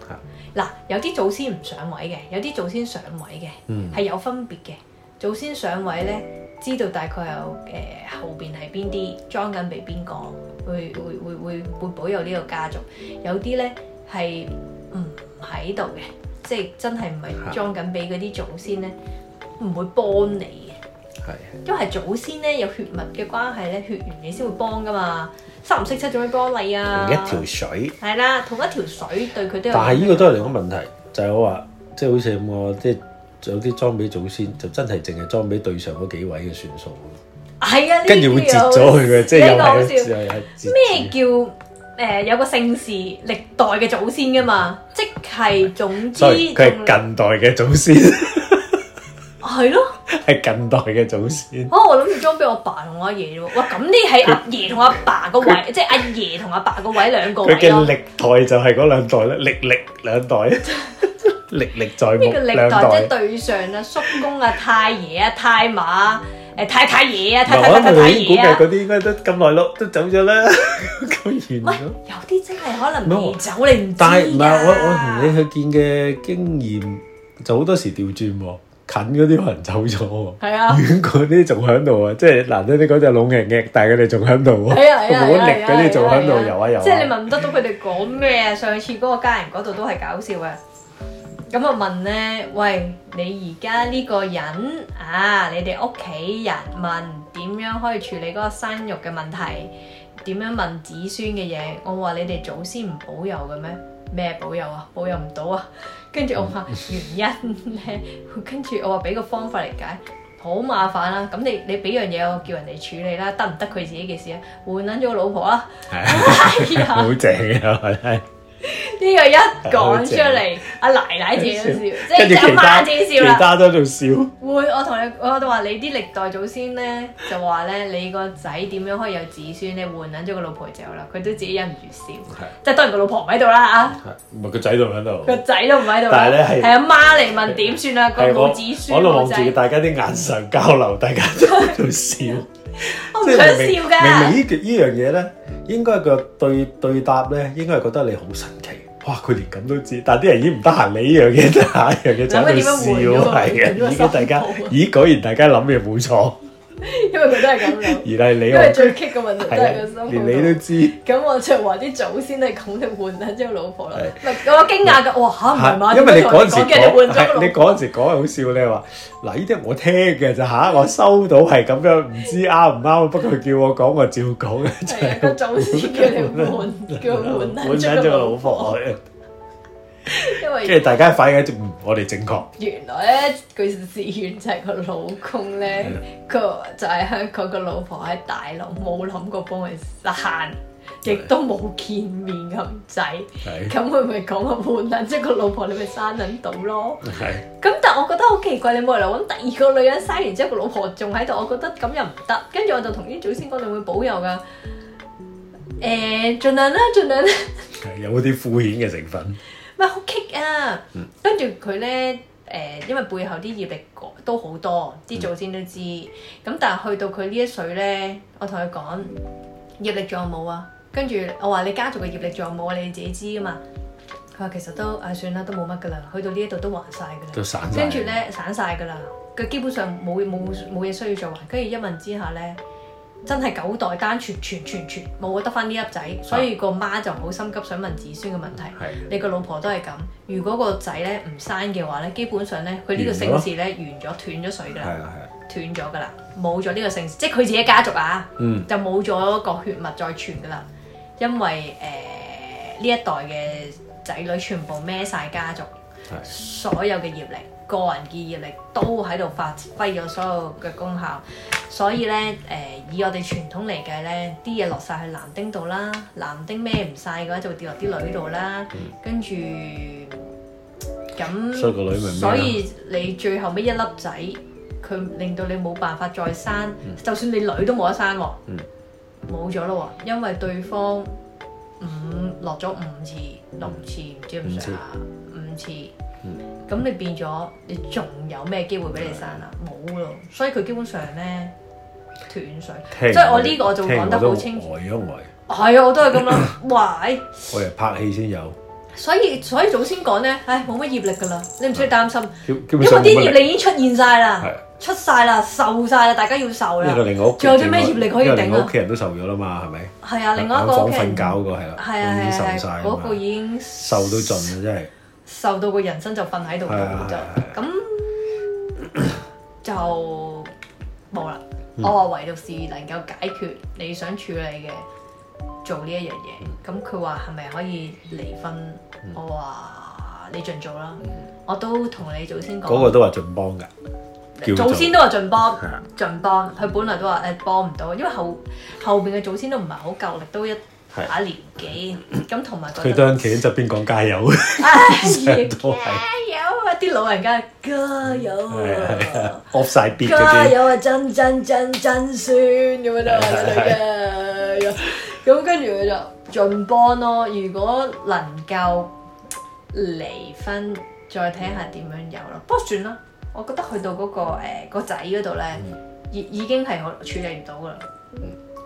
嗱、嗯，有啲祖先唔上位嘅，有啲祖，祖先上位嘅，係有分別嘅。嗯嗯祖先上位咧，知道大概有誒、呃、後邊係邊啲裝緊俾邊個，會會會會保佑呢個家族。有啲咧係唔喺度嘅，即係真係唔係裝緊俾嗰啲祖先咧，唔會幫你嘅。係的。因為係祖先咧有血脈嘅關係咧，血緣你先會幫㗎嘛，三唔識七點樣幫你啊？一條水。係啦，同一條水對佢都有助。有。但係呢個都係另一個問題，就係、係、我話即係好似咁個即係。有啲裝俾祖先，就真係淨係裝俾對上嗰幾位嘅算數咯。係啊，跟住會截咗佢嘅，即係有咩叫誒有個姓氏歷代嘅祖先㗎嘛？即係總之，佢係近代嘅祖先，係咯，係近代嘅祖先。哦，我諗住裝俾我爸同我阿爺喎。哇，咁啲係阿爺同阿爸個位，即係阿爺同阿爸個位兩個。佢嘅歷代就係嗰兩代啦，歷歷兩代。歷歷在目兩代，即係對上啊、叔公啊、太爺啊、太嫲誒、太太爺啊、太太太太爺，估計嗰啲應該都咁耐六都走咗啦，咁然咗。有啲真係可能唔走，你唔知，但係唔係我我同你去見嘅經驗，就好多時調轉喎。近嗰啲可能走咗喎，遠嗰啲仲喺度啊！即係嗱，你你講老嘅人夾，但係佢哋仲喺度喎。啊係冇力嗰啲仲喺度遊啊遊。即係你問唔得到佢哋講咩？啊？上次嗰個家人嗰度都係搞笑嘅。咁我問咧，喂，你而家呢個人啊，你哋屋企人問點樣可以處理嗰個生育嘅問題？點樣問子孫嘅嘢？我話你哋祖先唔保佑嘅咩？咩保佑啊？保佑唔到啊！跟住我話原因咧， 跟住我話俾個方法嚟解，好麻煩啦、啊。咁你你俾樣嘢我叫人哋處理啦，得唔得？佢自己嘅事啊？換撚咗個老婆啊！係啊，好正啊！呢個一講出嚟，阿奶奶自己都笑，即係阿媽自己笑啦。其他都喺度笑。會我同你，我都話你啲歷代祖先咧，就話咧，你個仔點樣可以有子孫咧？換捻咗個老婆走啦，佢都自己忍唔住笑。即係是當然個老婆唔喺度啦，吓。唔係個仔都唔喺度。個仔都唔喺度。但係咧係阿媽嚟問點算啊？個冇是子孫。我喺度望住大家啲眼神交流，大家都喺度笑。 我唔想笑噶。明明明明呢呢樣嘢咧？應該個對，對答咧，應該係覺得你好神奇，哇！佢連咁都知道，但啲人已經唔得閒理依樣嘢啦，樣嘢走去笑係啊！了已經咦，咦大家咦，果然大家諗嘅冇錯。 因為佢都係咁，你，因為最棘嘅問題都係個心，連你都知。咁我就話啲祖先係咁嚟，換緊張老婆啦。唔係，我驚訝噶，哇吓，唔係嘛？因為你嗰陣時講，你嗰陣時講好笑，你話嗱，呢啲我聽嘅咋吓，我收到係咁樣，唔知啱唔啱，不過佢叫我講我照講嘅。係個祖先叫你換，叫佢換緊張老婆。因為，跟住大家反映，我哋正確。原來咧，佢自願就係個老公咧，佢就係香港個老婆喺大陸，冇諗過幫佢生，對亦都冇見面咁、嗯、滯。咁佢咪講個判？捻，即係個老婆你咪生捻到咯。係對。咁但係我覺得好奇怪，你冇嚟揾第二個女人生完之後，個老婆仲喺度，我覺得咁又唔得。跟住我就同啲祖先講，你會保佑噶，誒、欸，盡量啦，盡量啦。有嗰啲敷衍嘅成分。唔係好激啊！跟住佢咧，誒、 嗯，因為背後啲業力都好多，啲祖先都知。咁、嗯、但係去到佢呢一水咧，我同佢講業力仲有冇啊？跟住我話你家族嘅業力仲有冇啊？你哋自己知噶嘛？佢話其實都唉、嗯啊，算啦，都冇乜噶啦，去到呢一度都還晒噶啦，都散、跟住咧散晒噶啦，佢基本上冇冇冇嘢需要做。跟住一問之下咧。真係九代單傳，傳傳傳，冇得翻呢粒仔，啊、所以個媽就好心急，想問子孫嘅問題。的你個老婆都係咁。如果個仔咧唔生嘅話咧，基本上咧佢呢個姓氏咧完咗斷咗水噶啦，斷咗噶啦，冇咗呢個姓氏，即係佢自己家族啊，嗯、就冇咗一個血脈再傳噶啦，因為誒呢、呃、一代嘅仔女全部孭晒家族的所有嘅業力。個人嘅熱力都喺度發揮咗所有嘅功效，所以咧誒、呃、以我哋傳統嚟計咧，啲嘢落晒去男丁度啦，男丁孭唔晒嘅話就會掉落啲女度啦，嗯、跟住咁，所以你最後尾一粒仔佢令到你冇辦法再生，嗯、就算你女都冇得生喎、啊，冇咗咯喎，因為對方五落咗五次六次唔知幾多下，五次。嗯咁你變咗，你仲有咩機會俾你生啊？冇咯，所以佢基本上咧斷水。即係我呢個我就會講得好清楚。壞咗壞，係啊，我都係咁咯，喂。我係拍戲先有。所以所以早先講咧，唉，冇乜業力噶啦，你唔需要擔心，因為啲業力已經出現曬啦，出曬啦，受曬啦，大家要受啦。因為另外屋，仲有啲咩業力可以頂啊？屋企人都受咗啦嘛，係咪？係啊，另外一個房瞓覺個係啦，已經受曬嗰個已經受到盡啦，真係。受到個人生就瞓喺度嘅，咁就冇啦。嗯、我話唯獨是能夠解決你想處理嘅，做呢一樣嘢。咁佢話係咪可以離婚？嗯、我話你盡做啦，嗯、我都同你祖先講。嗰個都話盡幫㗎，祖先都話盡幫，盡的幫。佢本來都話誒幫唔到，因為後後邊嘅祖先都唔係好夠力，都一。打年紀，咁同埋嗰種佢都企喺側邊講加油，加油啊！啲老人家加油，啊！惡曬邊嗰啲加油啊！真真真真酸咁樣啦，咁樣咁，跟住佢就進步咯。如果能夠離婚，再睇下點樣有咯。不過算啦，我覺得去到嗰個誒個仔嗰度咧，已已經係可處理唔到噶啦。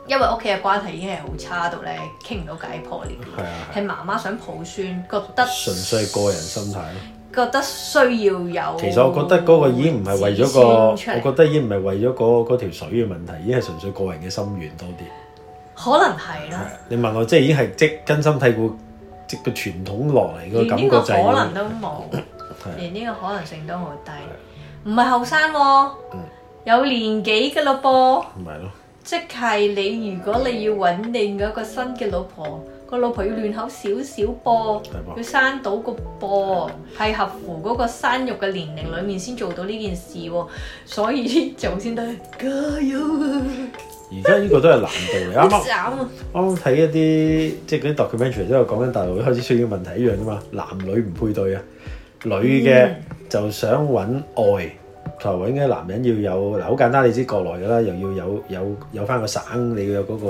因為屋企嘅關係已經係好差到咧，傾唔到解破呢啲。係啊係。係媽媽想抱孫，覺得純粹係個人心態。覺得需要有。其實我覺得嗰個已經唔係為咗個，我覺得已經唔係為咗嗰條水嘅問題，已經係純粹個人嘅心願多啲。可能係咯、啊。你問我，即、就、係、是、已經係即根深蒂固，即個傳統落嚟個感覺、就是、個可能都冇，連呢、啊、個可能性都好低。唔係後生，年嗯、有年紀嘅咯噃。唔係咯。即係你，如果你要穩定嗰個新嘅老婆，個老婆要嫩口少少噃，嗯、要生到個噃，係、嗯、合乎嗰個生育嘅年齡裡面先做到呢件事喎、哦。所以咧，首先都加油、啊。而家呢個都係難度嚟啱，我睇一啲即係嗰啲 documentary，一路講緊大陸開始出現嘅問題一樣噶嘛，男女唔配對啊，女嘅就想揾愛。嗯台灣嘅男人要有嗱，好簡單，你知國內嘅啦，又要有有有翻個省，你要有嗰，嗰個，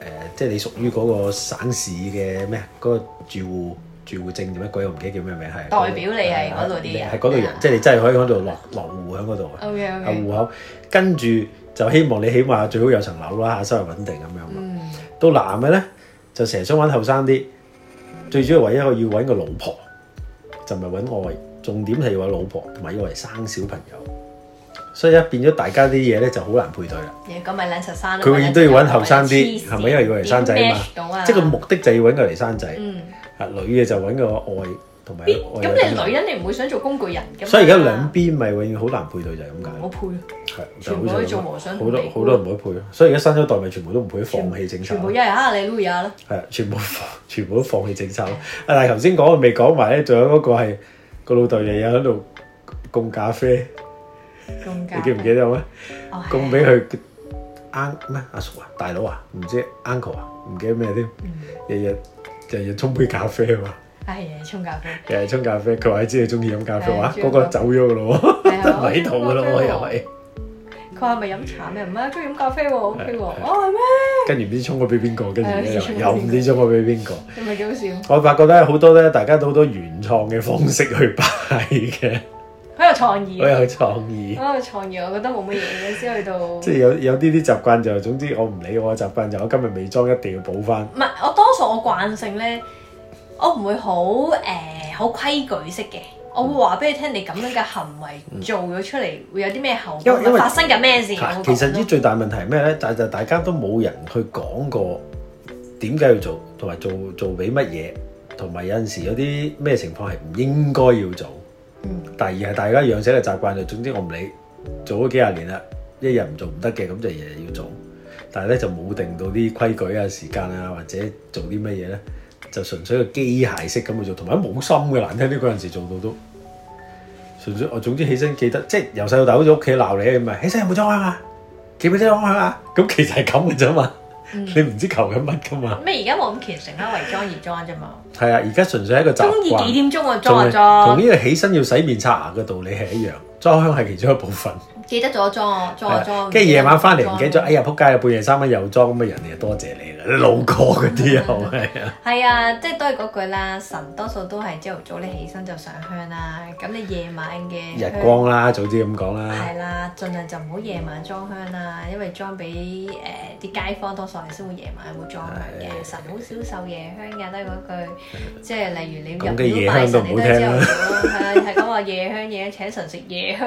呃、即係你屬於嗰個省市嘅咩啊？嗰，嗰個住戶住戶證，點樣鬼，我唔記得叫咩名，係代表你係嗰度啲人，係嗰度人，即係你真係可以喺度落落戶喺嗰度啊。戶 Okay, okay. 口跟住就希望你起碼最好有層樓啦，吓，收入穩定咁樣。嗯，到男嘅咧就成日想揾後生啲，最主要唯一要要揾個老婆，就唔係揾愛，重點係要揾老婆，同埋要生小朋友。所以一變咗大家啲嘢咧就好難配對啦。你講埋兩十三啦，佢永遠都要揾後生啲，係咪？因為要嚟生仔啊嘛。即係個目的就係要揾佢嚟生仔。嗯。啊，女嘅就揾個愛同埋愛。咁你女人你唔會想做工具人㗎嘛？所以而家兩邊咪永遠好難配對就係咁解。我配。係，好多人都唔可以做和尚。好多好多人都唔配，所以而家新一代咪全部都唔配，放棄政策。全部一人嚇你都有一咯。係，全部放，全部都放棄政策。啊，但係頭先講嘅未講埋咧，仲有一個係個老豆又有喺度供咖啡。你記唔記得我咩？供俾佢 uncle 咩？阿叔啊，大佬啊，唔知 uncle 啊，唔記得咩添？日日日日沖杯咖啡啊嘛。係啊，日日沖咖啡。日日沖咖啡，佢話知你中意飲咖啡，哇，嗰個走咗咯，咪喺度咯，又係。佢話咪飲茶咩？唔係，中意飲咖啡喎。OK 喎，哦係咩？跟住唔知沖咗俾邊個，跟住又唔知沖咗俾邊個，咁咪幾好笑。我發覺咧，好多咧，大家都好多原創嘅方式去擺嘅。好有創意，好有創意，好有創意，我覺得冇乜嘢，嘅，先去到。 即係有有啲啲習慣就係，總之我唔理我嘅習慣就係，我今日美妝一定要補翻。唔係，我多數我慣性咧，我唔會好誒好規矩式嘅，我會話俾你聽，你咁樣嘅行為做咗出嚟會有啲咩後果，因為因為發生緊咩事？其實啲最大問題係咩咧？就就大家都冇人去講過點解要做，同埋做做俾乜嘢，同埋有陣時有啲咩情況係唔應該要做。嗯、第二係大家養成嘅習慣就，總之我唔理，做咗幾廿年啦，一日唔做唔得嘅，咁就日日要做。但係咧就冇定到啲規矩啊、時間啊，或者做啲乜嘢咧，就純粹個機械式咁去做，同埋冇心嘅，難聽啲嗰陣時做到都，純粹我總之起身記得，即係由細到大好似屋企鬧你咁，就是，啊，起身有冇裝香啊？記唔記得裝香啊？咁其實係咁嘅啫嘛。嗯、你唔知道求緊乜㗎嘛？咩而家冇咁虔誠啦，為裝而裝啫嘛。係啊，而家純粹係一個習慣。鍾意幾點鐘我裝啊裝。同呢是妄個起身要洗面刷牙嘅道理係一樣，裝 香係其中一部分。 記得咗裝裝裝，跟住夜晚翻嚟唔記得，哎呀撲街啊！半夜三點又裝咁啊！人哋又多謝你啦，你路過嗰啲又係啊，係啊，即係都係嗰句啦。神多數都係朝頭早你起身就上香啦，咁你夜晚嘅日光啦，早知咁講啦。係啦，儘量就唔好夜晚裝香啦，因為裝俾誒啲街坊多數你先會夜晚有冇裝香嘅。神好少受夜香嘅，都係嗰句，即係例如你入表拜神，你都唔好聽啦。係講話夜香嘢，請神食夜香。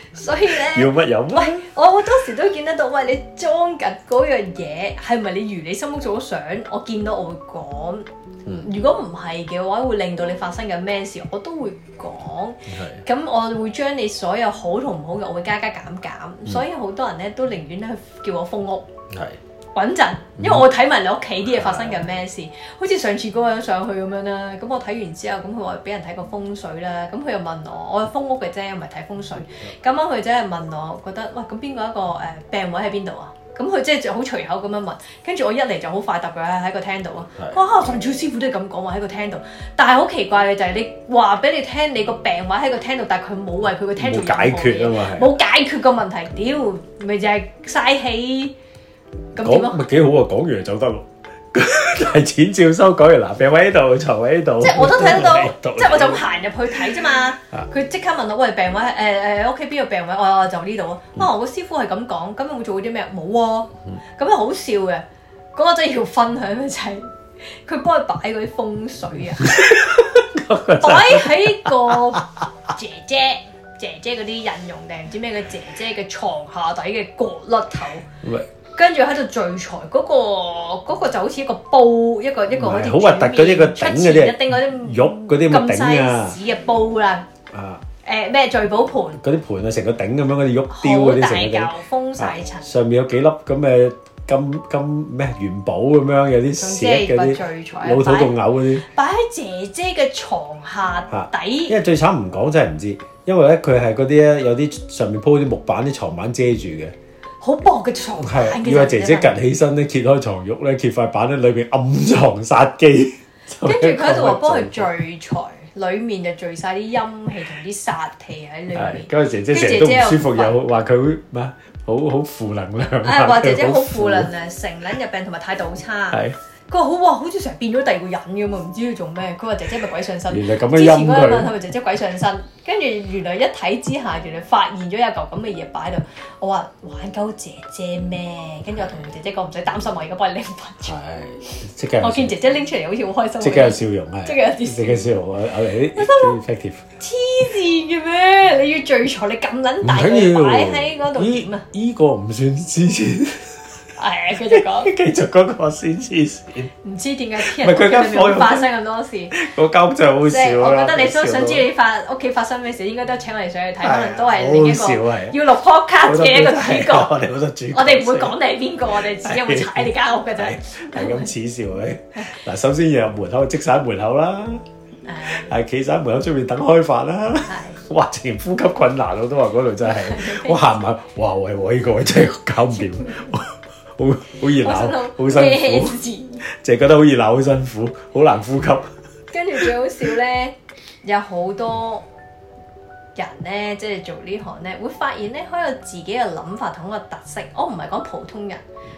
所以咧， 要然喂， 我好多時都見得到，喂，你裝緊嗰樣嘢係咪你如你心目中所想？我見到我會講，嗯、如果唔係嘅話，會令到你發生緊咩事？我都會講。咁是我會將你所有好同唔好嘅，我會加加減減。嗯、所以好多人咧都寧願咧去叫我封屋。穩陣，嗯、因為我睇埋你屋企啲嘢發生緊咩事，好似上次嗰個人上去咁樣啦。咁、嗯、我睇完之後，咁佢話俾人睇過風水啦。咁、嗯、佢又問我，我係封屋嘅啫，唔係睇風水。咁啱佢真係問我，覺得喂，咁邊個一個誒病位喺邊度啊？咁佢即係好隨口咁樣問，跟住我一嚟就好快答佢喺個廳度。啊。哇！神主師傅都係咁講喎，喺個廳度。但係好奇怪嘅就係你話俾你聽，你、mm hmm. 個病位喺個廳度，但係佢冇為佢個廳度解決啊嘛，冇解決個問題，屌咪就係嘥氣。咁咪幾好啊！講講完就得咯，係 錢照收。講完嗱，病位呢度，床位呢度，即係我都睇得到， 即係我就咁行入去睇啫嘛。佢即、啊、刻問我：喂，病位誒誒，屋企邊個病位？我我就呢度啊。啊，個、嗯啊、師傅係咁講，咁有冇做啲咩？冇啊、嗯。咁啊、嗯、好笑嘅，嗰個真係要分享嘅就係。佢幫佢擺嗰啲風水啊，擺喺 個，個姐姐 姐姐嗰啲印傭，定唔知咩嘅姐姐嘅床下底嘅角落頭。嗯跟住喺度聚財，嗰、嗰個嗰、嗰個就好似一個煲，一個一個好核突上面出錢一丁嗰啲玉嗰啲頂啊！屎嘅煲啦，啊，誒咩聚寶盤嗰啲盤啊，成個頂咁樣嗰啲玉雕嗰啲成嘅，封曬封曬塵、啊。上面有幾粒咁嘅金金咩元寶咁樣，有啲蛇嗰啲，聚老土仲嘔嗰啲，擺喺在姐姐嘅床下底。因為最慘唔講，真係唔知，因為咧佢係嗰啲咧有啲上面鋪啲木板啲床板遮住嘅。好薄嘅牀，以阿的的姐姐趌起身咧，的揭開床褥咧，揭塊板咧，裏邊暗藏殺機。跟住佢喺度話幫佢聚財，裏 面就聚晒啲陰氣同啲煞氣喺裏面。跟住姐姐成日都唔舒服，又話佢會咩？好好負能量。啊、哎呦，話、哎、姐姐好負能量，成日入病同埋態度差。佢好好似成日變咗第二個人咁嘛，唔知佢做咩？佢話姐姐咪鬼上身，原之前嗰一晚係咪姐姐鬼上身？跟住原來一睇之下，原來發現咗有嚿咁嘅嘢擺喺度。我話玩鳩姐姐咩？跟住我同姐姐講唔使擔心，我而家幫你拎翻出嚟。我見姐姐拎出嚟好似好開心，即刻有笑容啊！即刻有笑容，即刻笑啊！我哋啲痴線嘅咩？你要聚財，你咁撚大嘅擺喺嗰度，呢個唔算痴線。係，繼續講。繼續嗰個先黐線。唔知點解啲人佢間屋會發生咁多事。嗰間屋真係好笑。我覺得你都想知你發屋企發生咩事，應該都請我哋上去睇，可能都係另一個要錄 podcast 嘅一個主角。我哋唔會講你係邊個，我哋自己會踩你間屋嘅啫。係咁恥笑你嗱，首先要入門口即晒喺門口啦，係企晒喺門口出面等開飯啦，直情呼吸困難，我都話嗰度真係我行埋。哇喂，依個真係搞唔掂。好好熱鬧，好辛苦，就覺得好熱鬧，好辛苦，好難呼吸。 跟住最好笑咧，有好多人咧，即係做呢行咧，會發現咧，好有自己嘅諗法同個特色。我唔係講普通人，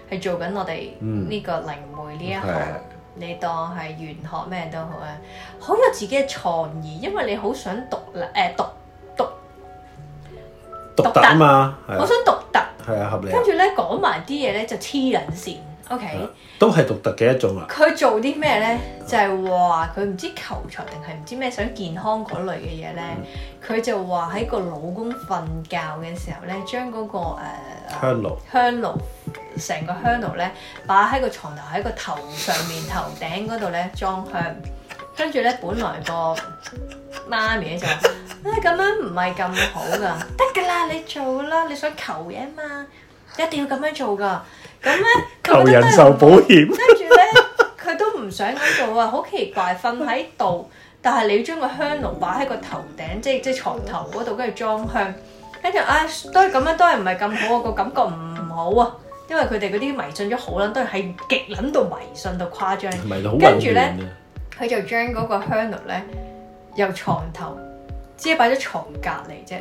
係做緊我哋呢個靈媒呢一行，嗯、你當係玄學咩都好啊，好的有自己嘅創意，因為你好想獨立誒，獨獨獨特啊嘛，好想獨特。係啊，合理，啊。跟住咧，講埋啲嘢咧就黐緊線，OK？都係獨特嘅一種啊！佢做啲咩咧？就係話佢唔知求財定係唔知咩想健康嗰類嘅嘢咧，佢、嗯、就話喺個老公瞓覺嘅時候咧，將嗰、嗰個呃、爐個香爐香爐成個香爐咧，擺喺個床頭，喺個頭上面頭頂嗰度咧裝香。跟住咧，本來個媽咪就話，哎，咁樣唔係咁好噶，得噶啦，你做啦，你想求嘢嘛？一定要咁樣做噶。咁咧，得求人壽保險。跟住咧，佢都唔想咁做啊，好奇怪，瞓喺度，但係你要將個香爐擺喺個頭頂，即即牀頭嗰度，跟住裝香，跟住啊都係咁樣，都係唔係咁好啊，個感覺唔好啊，因為佢哋嗰啲迷信咗好撚，都係係極撚到迷信到誇張，跟住咧。佢就將嗰個香爐咧，由床頭即係擺咗床隔籬啫。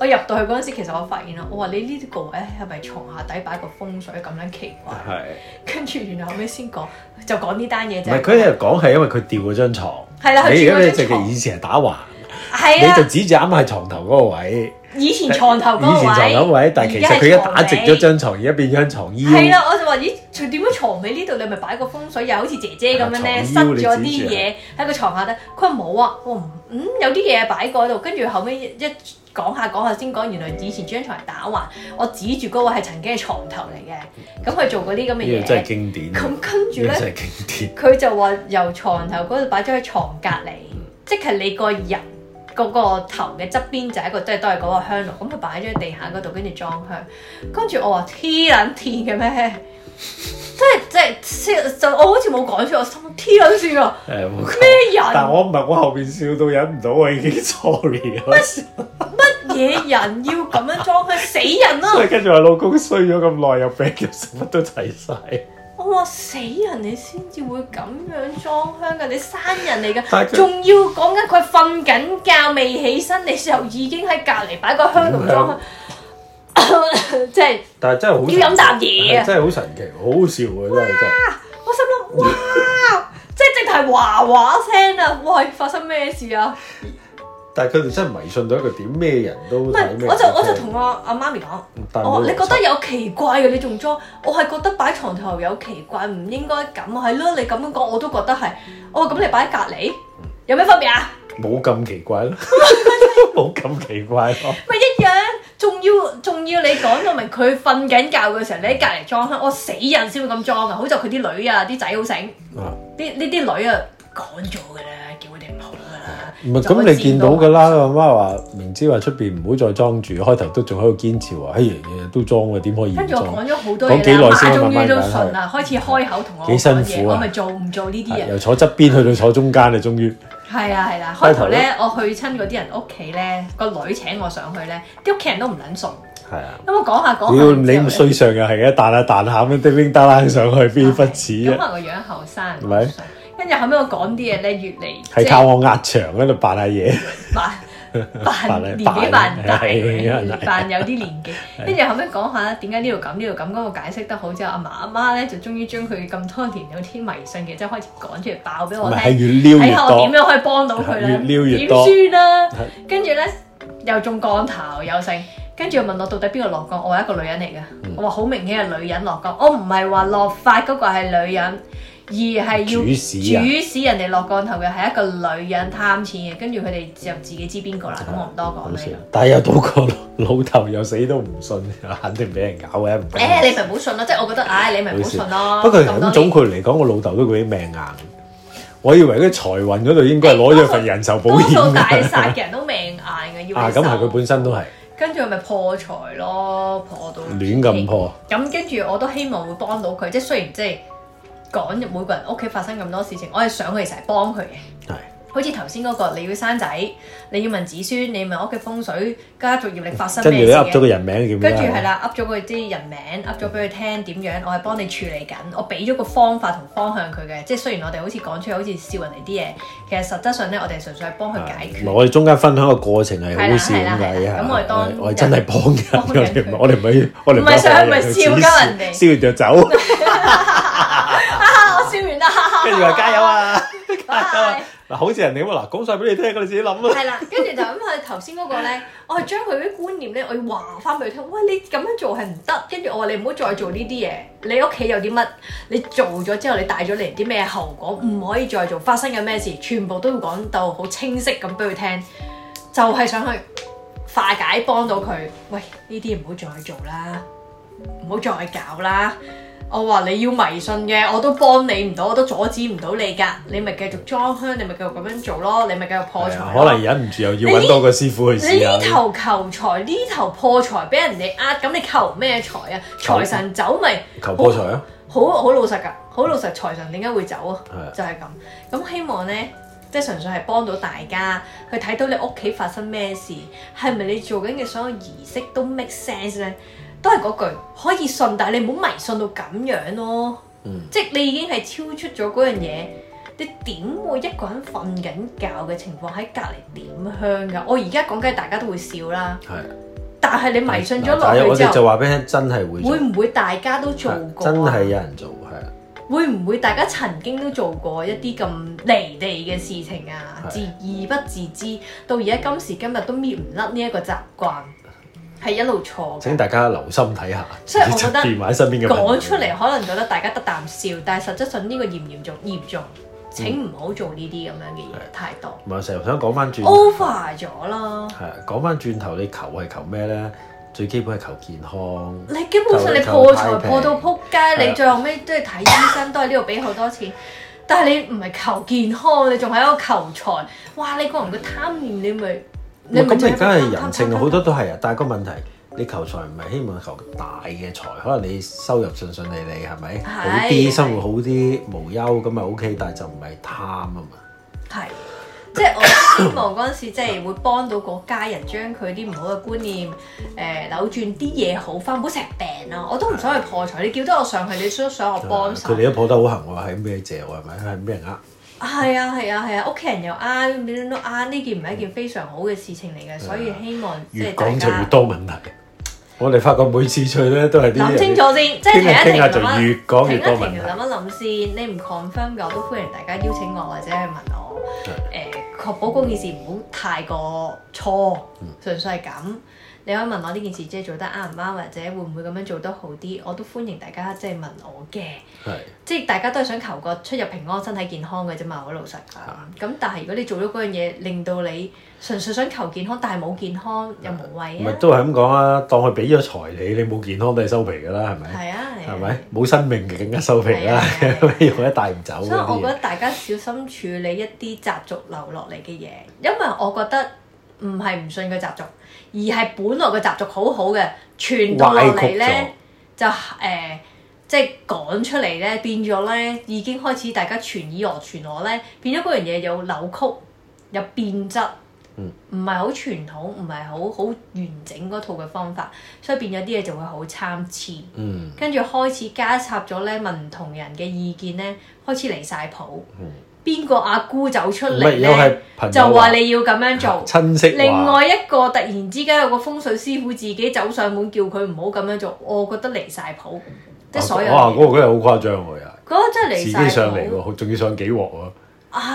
我入到去嗰陣時，其實我發現啦，我話你呢啲部位係咪床下底擺個風水咁樣奇怪？係是。跟住原來後尾先講，就講呢單嘢啫。唔係佢係講係因為佢掉嗰張床，係啦，佢吊嗰張牀。以前係打橫。係啊的。你就指住啱喺床頭嗰個位。以前床頭嗰個位，以前床頭位，但其實佢一打直咗張床，而家變咗床衣。係啦、啊，我就話咦，點解床尾呢度你咪擺個風水，又好似姐姐咁樣咧，塞咗啲嘢喺個床下得。佢話冇啊，我唔，嗯，有啲嘢擺過喺度。跟住後尾一講下講下先講，原來以前張床係打橫。我指住嗰個係曾經係床頭嚟嘅，咁佢做過啲咁嘅嘢。呢樣真係經典。咁跟住咧，真係經典。佢就話由床頭嗰度擺咗喺床隔離， 即係你個人。嗰個頭嘅側邊就係一個，即係都係嗰個香爐，咁佢擺咗喺地下嗰度，跟住裝香。跟住我話：黐撚線嘅咩？即係即係，就我好似冇講出，我心黐撚線啊！咩人？但我唔係，我後面笑到忍唔到，我已經 sorry。乜嘢麼人要咁樣裝香？ 死人啦、啊！跟住我老公衰咗咁耐，又病食乜都睇晒。我話死人你先至會咁樣裝香㗎，你生人嚟㗎，仲他要講緊佢瞓緊覺未起身，你時候已經喺隔離擺個香爐裝香， 即係是。但係真係好要飲啖嘢啊！真係好神奇，好好笑啊！哇真係我心諗哇， 即係淨係話話聲啊！喂，發生咩事啊？但係佢哋真係迷信到一個點咩人都唔係，我就我就同我阿媽咪講，我、哦、你覺得有奇怪嘅，你仲裝？我係覺得擺床頭有奇怪，唔應該咁係咯。你咁樣講我都覺得係。哦，咁你擺喺隔離有咩分別啊？冇咁奇怪咯，冇咁 奇怪咯。咪 一樣，仲要仲要你講到明佢瞓緊覺嘅時候，你喺隔離裝，我、哦、死人先會咁裝啊！好在佢啲女啊，啲仔好醒。啲呢啲女啊，講咗嘅啦，叫我哋。唔係，咁你見到噶啦，阿媽話明知話出邊唔好再裝住。開頭都仲喺度堅持話，嘿，日日都裝嘅，點可以？跟住講咗好多嘢，阿媽終於都順啦，開始開口同我講嘢，咁咪做唔做呢啲人？由坐側邊去到坐中間，你終於係啊係啦。開頭咧我去親嗰啲人屋企咧，個女請我上去咧，啲屋企人都唔捻順。係啊，咁我講下講下。你你咁衰上又係嘅，彈下彈下咁叮叮當當上去，邊忽似啊？因為個樣後生。咪。跟住後尾我講啲嘢咧，越嚟係靠我壓場喺度扮下嘢，扮扮年紀扮大，扮有啲年紀。跟住後尾講下咧，點解呢度咁呢度咁？嗰個解釋得好之後，阿嫲阿媽咧就終於將佢咁多年有啲迷信嘅，即係開始講出嚟爆俾我聽。係越撩越多，睇下我點樣可以幫到佢咧？點算啦？跟住咧又中降頭又剩，跟住問我到底邊個落降？我係一個女人嚟嘅，我話好明顯係女人落降。我唔係話落髮嗰個係女人。而係要主、啊、主使人哋落降頭嘅係一個女人貪錢嘅，跟住佢哋就自己知邊個啦。咁我唔多講、啊嗯、但係又多個老豆又死都唔信，肯定俾人搞嘅。誒，欸欸、你咪唔好信咯。即係我覺得，唉、哎，你咪唔好信咯。不過咁總括嚟講，我老豆都佢命硬。我以為嗰啲財運嗰度應該攞咗份人壽保險嘅。多、欸、數，數大殺嘅人都命硬嘅，要啊。咁係佢本身都係。跟住係咪破財咯？破到亂咁破。咁跟住我都希望會幫到佢，即係雖然即係。講每個人屋企發生咁多事情，我係想佢成日幫佢嘅。係，好似頭先嗰個你要生仔，你要問子孫，你問屋企風水，家族業力發生咩嘢事？跟住你噏咗個人名。跟住係啦，噏咗佢啲人名，噏咗俾佢聽點樣。我係幫你處理緊，我俾咗個方法同方向佢嘅。即係雖然我哋好似講出嚟好似笑人哋啲嘢，其實實質上咧，我哋純粹係幫佢解決。唔係，我哋中間分享個過程係好事嚟嘅。咁我係當真係幫人，我哋唔係我哋唔係我哋唔係笑鳩人哋，笑就走。跟住話加油啊！嗱，好似人哋咁啦，講晒俾你聽，你自己諗咯。係啦、那個，跟住就因為頭先嗰個咧，我係將佢啲觀念咧，我要話翻俾佢聽。喂，你咁樣做係唔得。跟住我話你唔好再做呢啲嘢。你屋企有啲乜？你做咗之後，你帶咗嚟啲咩後果？唔可以再做。發生緊咩事？全部都要講到好清晰咁俾佢聽。就係、是、想去化解，幫到佢。喂，呢啲唔好再做啦，唔好再搞啦。我話你要迷信嘅，我都幫你唔到，我都阻止唔到你噶。你咪繼續裝香，你咪繼續咁樣做咯。你咪繼續破財。可能忍唔住又要揾這多個師傅去試啊。你呢頭求財，呢頭破財，俾人哋呃。咁你求咩財啊？財神走咪求，不求破財啊？好好老實噶，好老實，財神點解會走啊？的就係咁。咁希望呢，即係純粹係幫到大家，去睇到你屋企發生咩事，係咪你做緊嘅所有儀式都 make sense 呢？都係嗰句，可以信，但係你唔好迷信到咁樣咯。嗯、即係你已經係超出咗嗰樣嘢，嗯、你點會一個人瞓緊覺嘅情況喺隔離點香㗎？我而家講緊，大家都會笑啦。係的。但係你迷信咗落去之後，就話俾你聽，真係會。會唔會大家都做過？真係有人做，係啊。會唔會大家曾經都做過一啲咁離地嘅事情啊？的自而不自知，的到而家今時今日都搣唔甩呢一個習慣。係一路錯嘅。請大家留心睇下。即係我覺得講出嚟可能覺得大家得啖笑，但係實質上呢個嚴唔嚴重？嚴重。請唔好做呢啲咁樣嘅嘢，嗯、太多。唔係，成日想講翻轉頭。over 咗咯。係啊，講翻轉頭，你求係求咩咧？最基本係求健康。你基本上你，你破財破到撲街，的你最後尾都係睇醫生，都係呢度俾好多錢。但係你唔係求健康，你仲係一個求財。哇！你個人嘅貪念，你咪～咁而家係人性好多都係啊。但係個問題，你求財唔係希望求大嘅財，可能你收入順順利利係咪？好啲生活好啲，無憂咁咪 O K，但係就唔係貪啊嘛。係，即係我希望嗰陣時即係會幫到嗰家人將佢啲唔好嘅觀念誒、呃、扭轉啲嘢好翻，唔好成日病咯、啊。我都唔想去破財，你叫得我上去，你都想我幫手。佢哋都破得好行喎，係咩借？我係咪係咩人呃？係啊係啊係啊，屋企、啊啊啊、人又啱、啊，你都啱。呢件唔係一件非常好嘅事情嚟嘅。嗯、所以希望即係越講 大家。越講就越多問題。我哋發覺每次出咧都係啲。諗清楚先，即係停一停就越講越，一越，越多問題。停一停，諗一諗先。你唔 confirm 嘅，我都歡迎大家邀請我或者係問我。誒、嗯，確、呃、保嗰件事唔好太過錯，純粹係咁。你可以問我呢件事即係做得啱唔啱，或者會唔會咁樣做得好啲，我都歡迎大家即係問我嘅。的即係大家都係想求個出入平安、身體健康嘅啫嘛。我老實講，咁的但係如果你做咗嗰樣嘢，令到你純粹想求健康，但係冇健康的又無謂啊。唔係都係咁講啊，當佢俾咗財你，你冇健康都係收皮㗎啦，係咪？係啊，係咪冇生命嘅更加收皮啦，咩都 帶唔走。所以我覺得大家小心處理一啲習俗留落嚟嘅嘢，因為我覺得。唔係唔信個習俗，而係本來個習俗好好嘅傳到落嚟咧，就誒、呃、即係講出嚟咧，變咗咧已經開始大家傳以訛傳訛咧，變咗嗰樣嘢有扭曲有變質，唔係好傳統，唔係好好完整嗰套嘅方法，所以變咗啲嘢就會好參差，嗯、跟住開始加插咗咧問唔同人嘅意見咧，開始離晒譜。嗯邊個阿姑走出嚟咧？就話你要咁樣做。另外一個突然之間有個風水師傅自己走上門叫佢唔好咁樣做，我覺得離晒譜。即所有。哇、啊！嗰、啊嗰個真係好誇張佢又。嗰真係離曬自己上嚟喎，仲要上幾鑊喎、啊。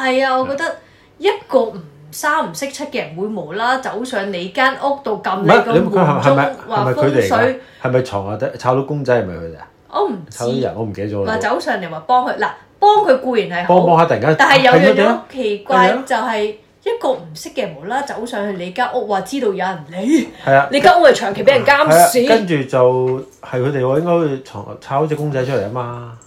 係啊，我覺得一個唔三唔識七嘅人會無啦走上你間屋度撳你個門鐘，話風水係咪床下底炒到公仔係咪佢哋啊？我唔知。抄人，我唔記得咗啦。嗱走上嚟話幫佢嗱。幫佢固然係好，幫下突然間但係有樣好奇怪的就係一個唔識嘅無啦啦走上去你間屋，話知道有人嚟。係啊的，你間屋係長期俾人監視。跟住就係佢哋應該會炒炒隻公仔出嚟啊嘛。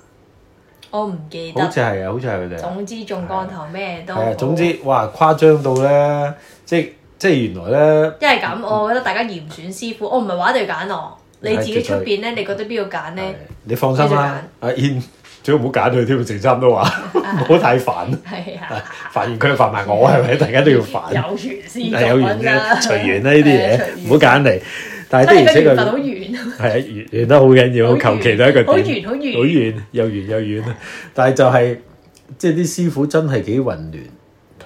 我唔記得，好似係啊，好似係佢哋。總之中光頭咩都。係，總之哇誇張到咧，即即係原來咧。一係咁，我覺得大家嚴選師傅，我唔係話一定要揀哦。你自己出邊咧，對你覺得邊度揀咧？你放心啦、啊，阿燕。最好唔好揀佢添，成差唔多話，唔好太煩。係啊，煩完佢又煩埋我，係咪？大家都要煩。有緣先揀啦，隨緣啦呢啲嘢，唔好揀嚟。但係的而且確好遠。係啊，緣緣得好緊要，求其都係一個。好圓，好圓，好圓又圓又圓。但係就係，即係啲師傅真係幾混亂。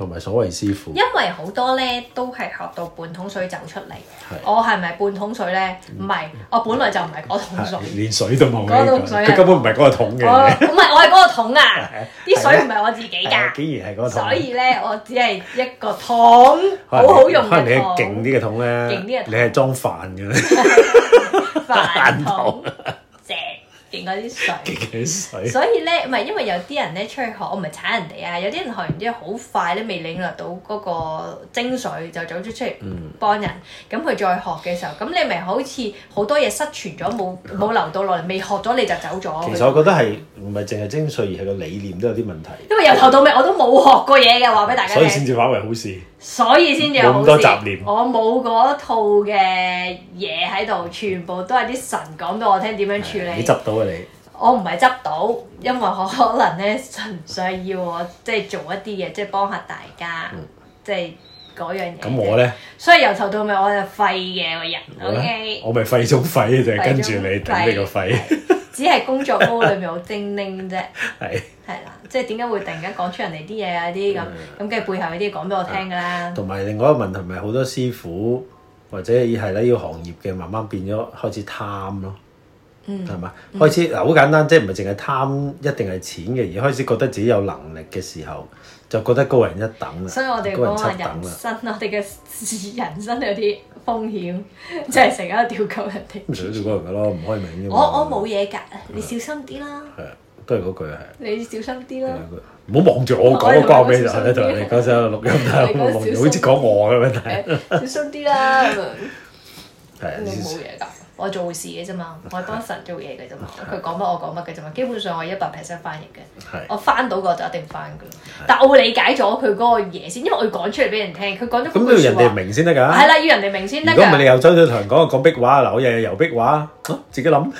同埋所謂師傅，因為好多咧都係學到半桶水走出嚟。我係咪半桶水咧？唔係，我本來就唔係嗰桶水，連水都冇。嗰桶水，佢根本唔係嗰桶嘅。唔係，我係嗰桶啊！啲水唔係我自己㗎。竟然係嗰桶。所以咧，我只係一個桶，好好用嘅桶。可能你係勁啲嘅桶咧，勁啲，你係裝飯㗎飯桶。見啲水， 水。所以咧，唔係因為有啲人咧出去學，我唔係踩人哋啊！有啲人學完之後好快咧，未領略到嗰個精髓就走咗出嚟幫人。咁佢、嗯、再學嘅時候，咁你咪好似好多嘢失傳咗，冇冇留到落嚟，未學咗你就走咗。其實我覺得係唔係淨係精髓而係個理念都有啲問題。因為由頭到尾我都冇學過嘢嘅，話俾大家。嗯、所以先至反為好事。所以先至有好多雜念。我冇嗰套嘅嘢喺度，全部都係啲神講到我聽點樣處理。你執到啊你？我唔係執到，因為我可能咧神，想要我即係做一啲嘢，即係幫下大家，嗯、即係嗰樣嘢。咁我咧？所以由頭到尾我就廢嘅個人。O K，我咪呢 Okay? 廢中廢就係，跟住你頂你個廢。 只係工作煲裏面好精靈啫，係啦，即係點解會突然間講出人哋啲嘢啊啲咁，咁梗係背後嗰啲講俾我聽㗎啦。同埋 的 另外一個問題，咪好多師傅或者係呢個行業嘅慢慢變咗開始貪咯，係嘛、嗯？開始嗱好、嗯啊、簡單，即係唔係淨係貪一定係錢嘅，而開始覺得自己有能力嘅時候，就覺得高人一等啦，高人七等啦。信我哋嘅人生啦，啲。風險，即係成日都掉餃人哋。唔想掉餃人嘅咯，唔開明啫，我我冇嘢㗎，你小心啲啦。係，都係嗰句係。你小心啲啦，唔好望住我講個怪咩就係咧，就你嗰陣錄音啦，望住好似講我咁樣。小心啲啦，咁樣。我冇嘢㗎。我做事嘅啫嘛，我幫神做嘢嘅啫嘛，佢講乜我講乜嘅啫嘛，基本上我一百 percent 翻譯嘅，是的 我翻到個就一定翻嘅，是的 但我會理解咗佢嗰個嘢先，因為我要講出嚟俾人聽，佢講咗句話。咁都要人哋明先得㗎。係啦，要人哋明先得㗎。如果唔係你又周小棠講講壁畫嗱，我日日遊壁畫，自己諗。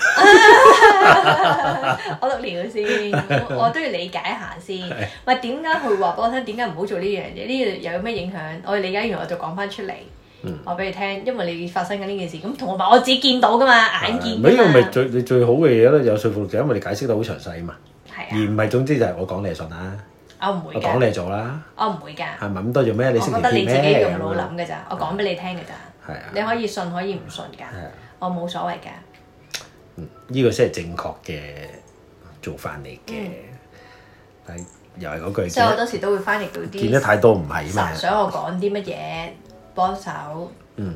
我讀了先，我都要理解下先。喂，點解佢話俾我聽？點解唔好做呢樣嘢？呢個又有咩影響？我理解完我就講翻出嚟。我俾你聽，因為你發生緊呢件事，咁同我話我自己見到噶嘛，眼見。呢個唔係最你最好嘅嘢咧，有説服力，因為你解釋得好詳細啊嘛。係啊。而唔係總之就係我講你信啦。我唔會。我講你做啦。我唔會㗎。係咪咁多做咩？你識得？我覺得你自己用腦諗㗎咋，我講俾你聽㗎咋。係啊。你可以信可以唔信㗎。係啊。我冇所謂㗎。嗯，呢個先係正確嘅做法嚟嘅。係又係嗰句。即係好多時都會翻譯到啲。見得太多唔係啊嘛。想我講啲乜嘢？歌手嗯，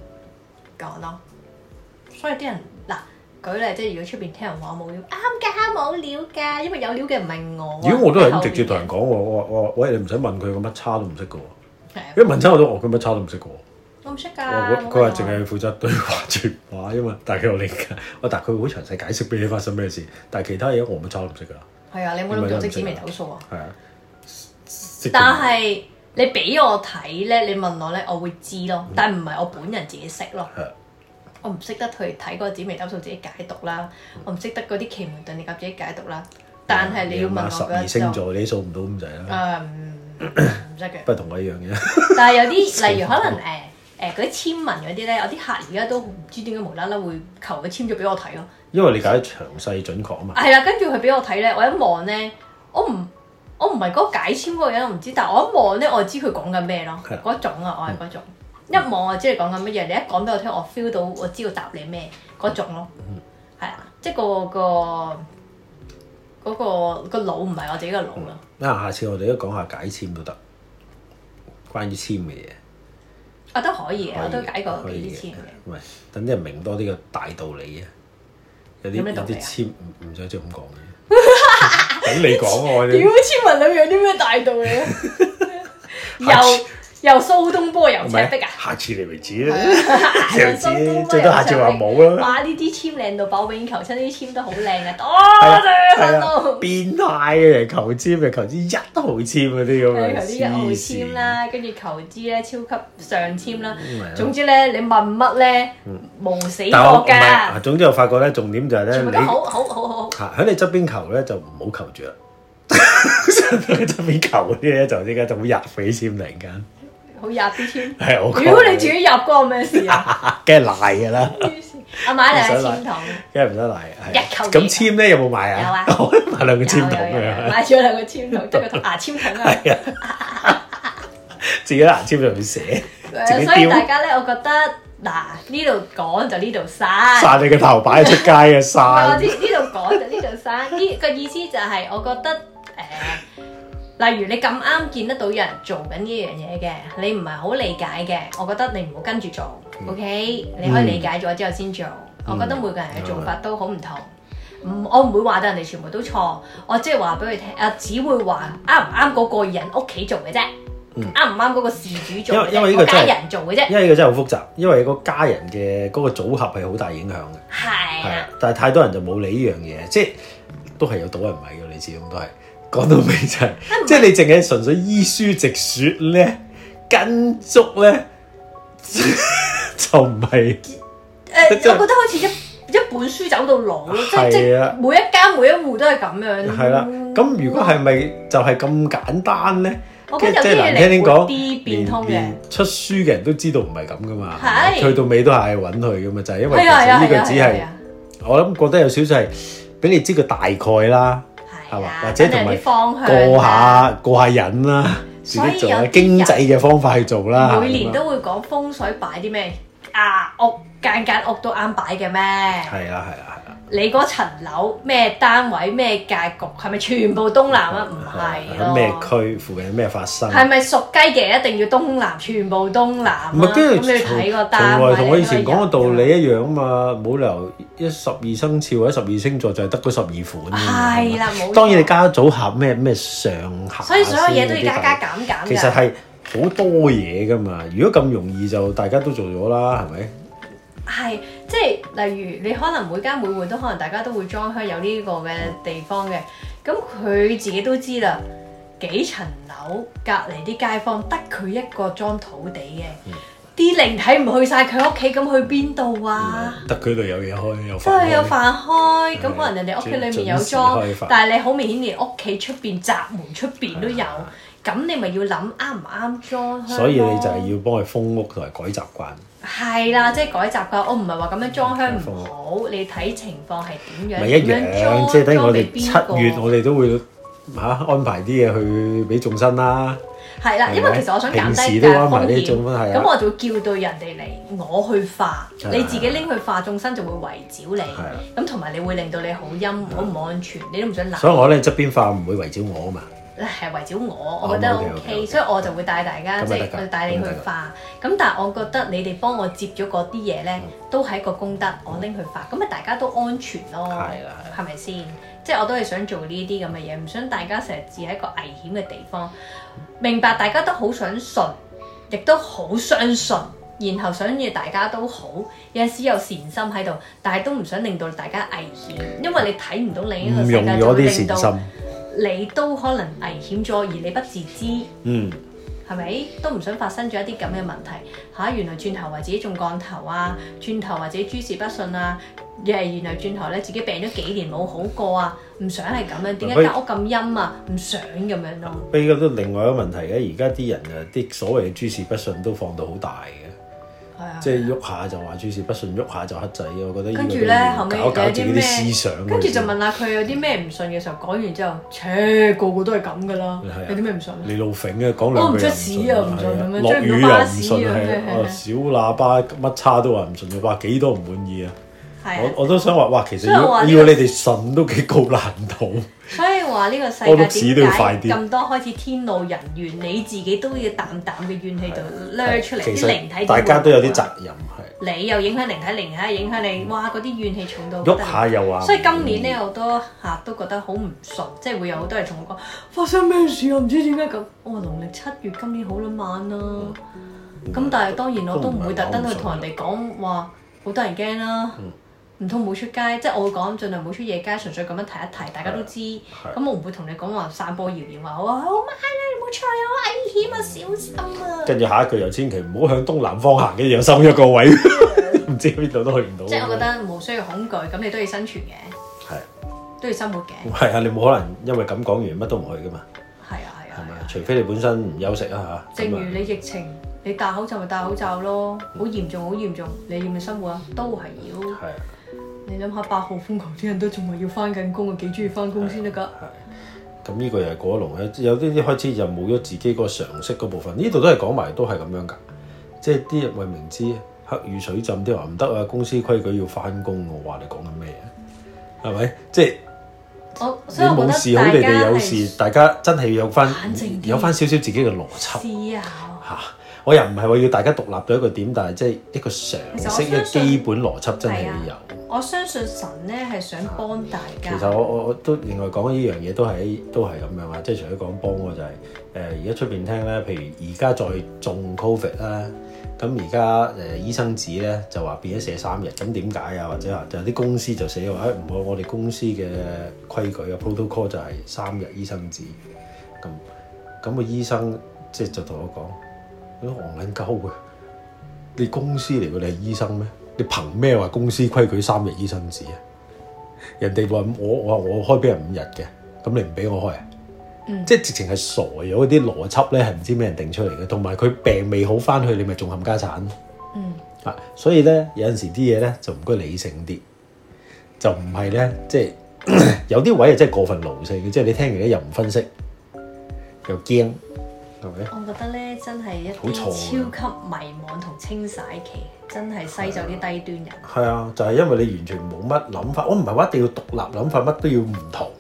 講咯，所以啲人嗱，舉例即係如果出邊聽人話冇料啱噶冇料噶，因為有料嘅唔係我。如果我都係咁直接同人講，我我我喂，你唔使問佢，我乜叉都唔識噶。因為問差我都我佢乜叉都唔識噶。我唔識噶。佢佢係淨係負責對話轉話，因為大家有理解。我但係佢會詳細解釋俾你發生咩事，但係其他嘢我乜叉都唔識噶。係啊，你冇咁多知識未投訴啊？係啊。但係。你俾我睇咧，你問我咧，我會知咯。但唔係我本人自己識咯，嗯、我唔識得去睇嗰個紫微斗數自己解讀啦。嗯、我唔識得嗰啲奇門遁甲自己解讀啦。嗯、但係你要問我十二星座就你數唔到咁滯啦。誒，唔唔識嘅。不過同我一樣嘅。但係有啲例，例如可能誒誒嗰啲簽文嗰啲咧，有啲客而家都唔知點解無啦啦會求佢簽咗俾我睇咯。因為你解得詳細準確啊嘛。係啦、嗯，跟住佢俾我睇咧，我一望咧，我唔。我我唔係嗰解簽嗰個人，我唔知。但係我一望咧的，我知佢講緊咩咯。嗰種啊，我係嗰種，的一望我知你講緊乜嘢。嗯、你一講俾我聽，我 feel 到我知道答你咩嗰種咯。係啊、嗯，即係、那個、那個嗰、那個、那個腦唔係我自己個腦咯。嗱、嗯，下次我哋都講下解簽都得，關於簽嘅嘢。啊，都可以，可以我都解過幾次。唔等啲人明多啲嘅大道理、道理啊。有啲咩？有啲簽唔唔想即咁講嘅。等你講喎，屌村民你聞有啲咩大道理？又。由蘇東坡又簽逼啊！下次嚟為止啦，最多下次話冇囉。哇！呢啲簽靚到爆，永求籤呢啲簽都好靚啊！多真係變態嘅人求籤，係求籤一毫籤嗰啲咁樣黐線啦。跟住求籤咧，超級上籤啦。總之咧，你問乜咧，無死我㗎。總之我發覺咧，重點就係咧，你好好好好好。喺你側邊求咧，就唔好求住啦。側邊求嗰啲咧，就依家就會入飛籤嚟緊。好廿八千，如果你自己入，嗰個咩事啊？梗係賴嘅啦。我買兩個簽筒，梗係唔得賴。一咁簽咧有冇買啊？有啊，買兩個簽筒。買咗兩個簽筒，得個牙簽筒。係啊，自己牙簽上面寫。所以大家咧，我覺得嗱，呢度講就呢度散。散你個頭，擺出街嘅散。呢度講就呢度散，呢個意思就係我覺得。例如你咁啱見得到有人做緊呢樣嘢嘅，你唔係好理解嘅，我覺得你唔好跟住做、嗯、OK？你可以理解咗之後先做。嗯、我覺得每個人嘅做法都好唔同，唔、嗯、我唔會話得人哋全部都錯，我即係話俾佢聽，啊只會話啱唔啱嗰個人屋企做嘅啫，啱唔啱嗰個事主做因，因為因為個家人做嘅啫，因為呢個真係好複雜，因為個家人嘅嗰個組合係好大影響嘅，係啊，但係太多人就冇理呢樣嘢，即係都係有倒係唔係嘅，你始終都係。講到尾就係，即係你淨係純粹依書直說咧，跟足咧就唔係。誒，我覺得好似一一本書走到老咯，即係每一間每一戶都係咁樣。係啦，咁如果係咪就係咁簡單咧？即係即係難聽啲講，有啲變通嘅出書嘅人都知道唔係咁噶嘛，去到尾都係揾佢噶嘛，就係因為呢個只係我諗覺得有少少係俾你知個大概啦。或者同埋過下方向過下癮啦，自己做下經濟嘅方法去做啦。每年都會講風水擺啲咩？啊，屋間間屋都啱擺嘅咩？係啊，係啊，係啊。你嗰層樓咩單位咩格局係咪全部東南啊？唔係、啊、是咯、啊？咩區附近有咩發生？係咪屬雞嘅一定要東南？全部東南唔係，跟住你睇個單，同我以前講嘅道理一樣啊嘛。冇、啊、理由一十二生肖或者十二星座就係得嗰十二款。係啦、啊，冇吧。啊、當然你加組合咩咩上下。所以所有嘢都要加加減減。其實係。好多嘢噶嘛！如果咁容易就大家都做咗啦，係咪？係，即係例如你可能每間每戶都可能大家都會裝香有呢個嘅地方嘅，咁佢自己都知啦。幾層樓隔離啲街坊，得佢一個裝土地嘅，啲、嗯、靈體唔去晒佢屋企，咁去邊度啊？嗯、得佢度有嘢開，有真係有飯開，咁、嗯、可能人哋屋企裏面有裝，但係你好明顯連屋企出邊閘門出邊都有。咁你咪要諗啱唔啱裝？所以你就係要幫佢封屋同埋改習慣。係啦，即係改習慣。我唔係話咁樣裝香唔好，你睇情況係點樣點樣裝。咁唔一樣，即係等於我哋七月，我哋都會嚇安排啲嘢去俾眾生啦。係啦，因為其實我想減低嘅風險。咁我就會叫到人哋嚟，我去化，你自己拎去化眾生就會圍繞你。係。咁同埋你會令到你好陰好唔安全，你都唔想攬。所以我咧側邊化唔會圍繞我啊嘛。咧係圍繞我，我覺得 OK，所以我就會帶大家，即係帶你去化。咁但係我覺得你哋幫我接咗嗰啲嘢咧，都係一個功德，我拎去化，咁咪大家都安全咯，係咪先？即係我都係想做呢啲咁嘅嘢，唔想大家成日住喺一個危險嘅地方。明白大家都好想信，亦都好相信，然後想要大家都好，有陣時有善心喺度，但係都唔想令到大家危險，因為你睇唔到你呢個世界就會令到。你都可能危險咗，而你不自知，係咪、嗯、都唔想發生咗一啲咁嘅問題嚇、啊？原來轉頭話自己中降頭啊，嗯、轉頭話自己諸事不順啊，誒原來轉頭咧自己病咗幾年冇好過啊，唔想係咁樣，點解間屋咁陰啊？唔想咁樣咯、啊。比個都另外一個問題嘅，而家啲人啊，啲所謂嘅諸事不順都放到好大即係喐下就話諸事不順，喐下就黑仔，我覺得要。跟住咧，後屘搞搞自己啲思想。跟住就問下佢有啲咩唔順嘅時候，講完之後，切，個個都係咁噶啦。的有啲咩唔順？你路揈嘅，講兩句人唔順、啊。我唔出屎又唔順咁、啊、樣，落雨又唔順啊，即係用啊，小喇叭乜叉都話唔順嘅、啊，話幾多唔滿意啊？的我我都想話，哇，其實要、這個、要你哋順，順都幾高難度。所以話呢個世界點解咁多開始天怒人怨？你自己都要淡淡嘅怨氣度孭出嚟，啲靈體大家都有啲責任係。你又影響靈體，靈體影響你。哇！嗰啲怨氣重到喐下又話。所以今年咧好多客都覺得好唔順，即係會有好多人同我講發生咩事啊？唔知點解咁。我話農曆七月今年好卵慢啊！咁但係當然我都唔會特登去同人哋講話，好多人驚啦。唔通冇出街，即係我會講盡量冇出夜街，純粹咁樣提一提，大家都知。咁的我唔會同你講話散播謠言，話哇好危險啊，你唔好出嚟啊，危險啊，小心啊。跟住，嗯、下一句又千祈唔好向東南方行，一樣心一個位，唔、 嗯、 知邊度都去唔到。即係那麼 我覺得冇需要恐懼，咁你都要生存嘅，係的都要生活嘅。係啊，你冇可能因為咁講完乜都唔去噶嘛。係啊係啊係啊，除非你本身唔休息啊吓。嗯，正如你疫情，你戴口罩咪戴口罩咯，好嚴、嗯、重好嚴重，你要唔要生活啊？都係要。係。你諗下八號風球啲人都仲係要翻緊工啊？幾中意翻工先得噶？咁呢個又係果龍咧？有啲啲開始就冇咗自己個常識嗰部分，呢度都係講埋，都係咁樣噶。即係啲人咪明知黑雨水浸，啲話唔得啊！公司規矩要翻工，我話你講緊咩啊？係咪？即係你冇事好哋哋，有事，你是 大家真係要有翻有翻少少自己嘅邏輯。吓、啊，我又唔係話要大家獨立到一個點，但係即係一個常識、一個基本邏輯真係要有的。我相信神咧係想幫大家。其實我我我都另外講呢樣嘢都係都係咁樣啊，即係除咗講幫我就係誒而家出邊聽咧，譬如而家再中 COVID 啦、啊，咁而家誒醫生紙咧就話變咗寫三日，咁點解啊？或者話就有啲公司就寫話誒唔好，哎、我哋公司嘅規矩啊 protocol、嗯、就係三日醫生紙。咁咁、個醫生即係就同、是、我講，你都戇撚鳩嘅，你公司嚟嘅，你係醫生咩？你憑咩話公司規矩三日醫生紙啊？人哋話我我我開俾人五日嘅，咁你唔畀我開啊？嗯、即係直情係傻有啲邏輯咧，係唔知咩人定出嚟嘅，同埋佢病未好翻去，你咪仲冚家鏟咯。嗯、啊，所以咧有陣時啲嘢咧就唔該理性啲，就唔係咧即係 有啲位啊真係過分勞死嘅，即係你聽完咧又唔分析，又驚。我覺得咧，真係一啲、啊、超級迷茫同清洗期，真係篩咗啲低端人。係啊，啊，就係、是、因為你完全冇乜諗法。我唔係話一定要獨立諗法，乜都要唔同。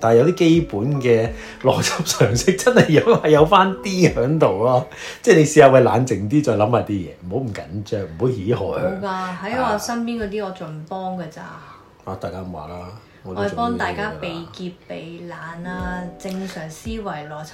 但係有啲基本嘅邏輯常識真有，真係如果有翻啲喺度咯，即 係你試下，咪冷靜啲再諗下啲嘢，唔好咁緊張，唔好起害。冇㗎，喺、啊、我身邊嗰啲，我盡幫㗎咋。啊，大家咁話啦。我幫大家避劫避難啊！正常思維邏輯，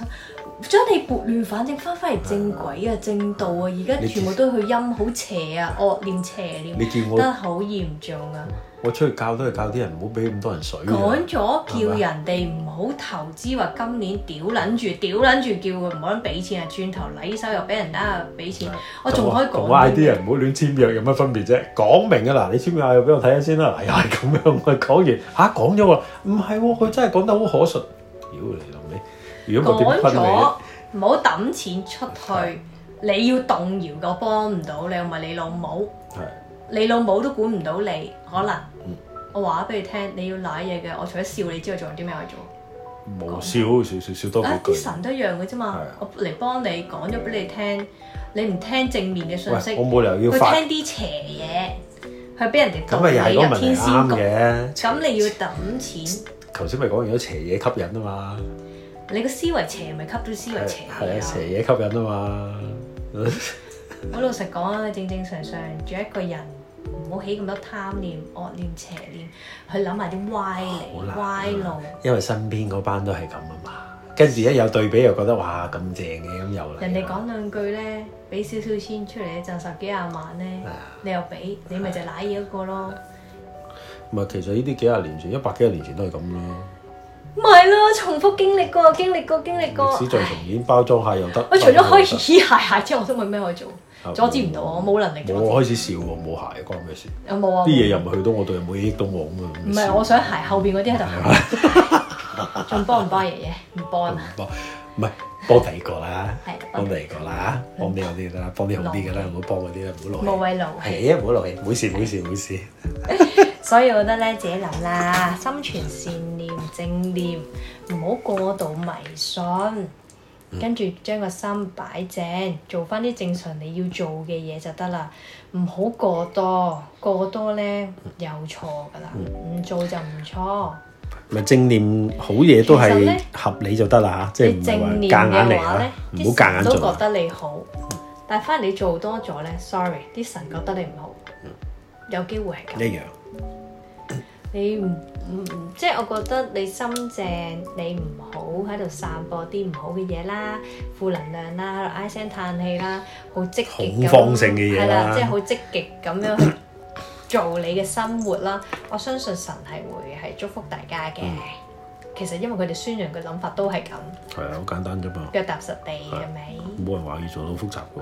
將、啊、你撥亂反正翻返嚟正軌啊！正道啊！而家全部都去陰，好邪啊！惡念邪念得好嚴重啊！嗯。我出去教都係教啲人唔好俾咁多人水。講咗叫人哋唔好投資，話吧今年屌撚住，屌撚住叫佢唔好撚俾錢啊！轉頭禮收又俾人家俾錢，嗯、我仲可以講我。嗌啲人唔好亂簽約，有乜分別啫？講明㗎喇，你簽約又俾我睇下先啦。嗱，又係咁樣。講完吓，講咗喎，唔係喎，佢、啊、真係講得好可信。屌、哎、你老味！如果冇講咗唔好抌錢出去，的你要動搖個幫唔到你，唔係你老母。你老母都管唔到你，可能我話咗俾你聽，你要賴嘢嘅，我除咗笑你之外，仲有啲咩去做？冇笑少少少多啲。啲神都一樣嘅啫嘛，我嚟幫你講咗俾你聽，你唔聽正面嘅信息，我冇理由要發。佢聽啲邪嘢，佢俾人哋毒你一天先咁。咁你要揼錢？頭先咪講完咗邪嘢吸引啊嘛。你個思維邪咪吸到思維邪。係啊，邪嘢吸引啊嘛。我 老實講啊，正正常常做一個人。唔好起咁多貪念、惡念、邪念，去諗埋啲歪理、哦啊、歪路。因為身邊嗰班都係咁啊嘛，跟住一有對比又覺得哇咁正嘅，咁又嚟人哋講兩句咧，俾少少錢出嚟就十幾廿萬咧、啊，你又俾你咪就瀨嘢一個咯。咪其實呢啲幾廿年前、一百幾廿年前都係咁咯。咪咯，重複經歷過、經歷過、經歷過，歷過歷史再重唉演包裝下又得。我除咗可以嘻鞋鞋之外，我都冇咩可以做。 阻止唔到我，我冇能力。我開始笑喎，冇鞋關咩事？有冇啊？啲嘢又唔係去到我度又冇益到我咁啊！唔係，我想鞋後邊嗰啲係就係仲幫唔幫爺爺？唔幫啊！唔幫，唔係幫第二個啦，幫第二個啦，幫啲好啲得啦，幫啲好啲嘅啦，唔好幫嗰啲啦，唔好勞氣。冇謂勞，係啊，唔好勞氣，唔好意思，唔好意思，唔好意思。所以我覺得咧，自己諗啦，心存善念正念，唔好過度迷信。跟住將個心擺正，做翻啲正常你要做嘅嘢就得啦。唔好過多，過多咧有錯噶啦。唔做就唔錯。咪正念好嘢都係合理就得啦嚇，即係正念嘅話咧，啲神都覺得你好。但係反而你做多咗咧，sorry，啲神覺得你唔好，有機會係咁。一樣。你唔唔即係我覺得你心正，你唔好喺度散播啲唔好嘅嘢啦，負能量啦，喺度唉聲嘆氣啦，好積極，好放性嘅嘢，係啦，即係好積極咁樣去做你嘅生活啦。我相信神係會係祝福大家嘅。其實因為佢哋宣揚嘅諗法都係咁。係啊，好簡單啫嘛。腳踏實地，係咪？冇人話要做到複雜㗎。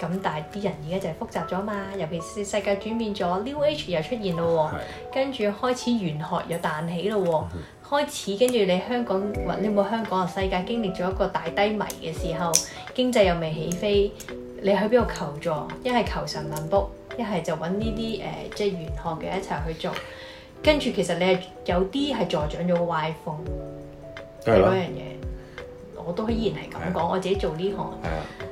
咁但係啲人而家就係複雜咗嘛，尤其是世界轉變咗，New Age 又出現咯，跟住開始玄學又彈起咯的開始跟住你香港或你冇香港啊世界經歷咗一個大低迷嘅時候，經濟又未起飛，你去邊度求助？一係求神問卜，一係就揾呢啲誒即係玄學嘅一齊去做。跟住其實你係有啲係助長咗個歪風，係嗰的樣嘢。我都依然係咁講，我自己做呢行，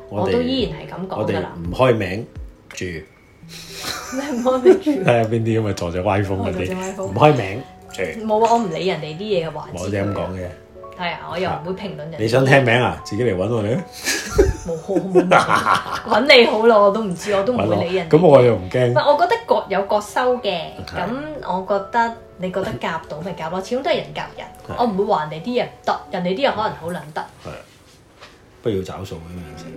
我都依然係咁講噶啦。唔開名住，咩唔開名住？係啊，邊啲咁啊？助只歪風嗰啲，唔開名冇啊，我唔理人哋啲嘢嘅話。我就咁講嘅。係啊，我又唔會評論人。你想聽名啊？自己嚟搵我哋。冇啊，搵你好咯，我都唔知，我都唔會理人。咁我又唔驚。我覺得各有各收嘅，咁我覺得。你覺得夾到咪夾咯，始終都係人夾人，的我唔會話你啲嘢唔得，人哋啲嘢可能好難得。係，不要找數嘅人生。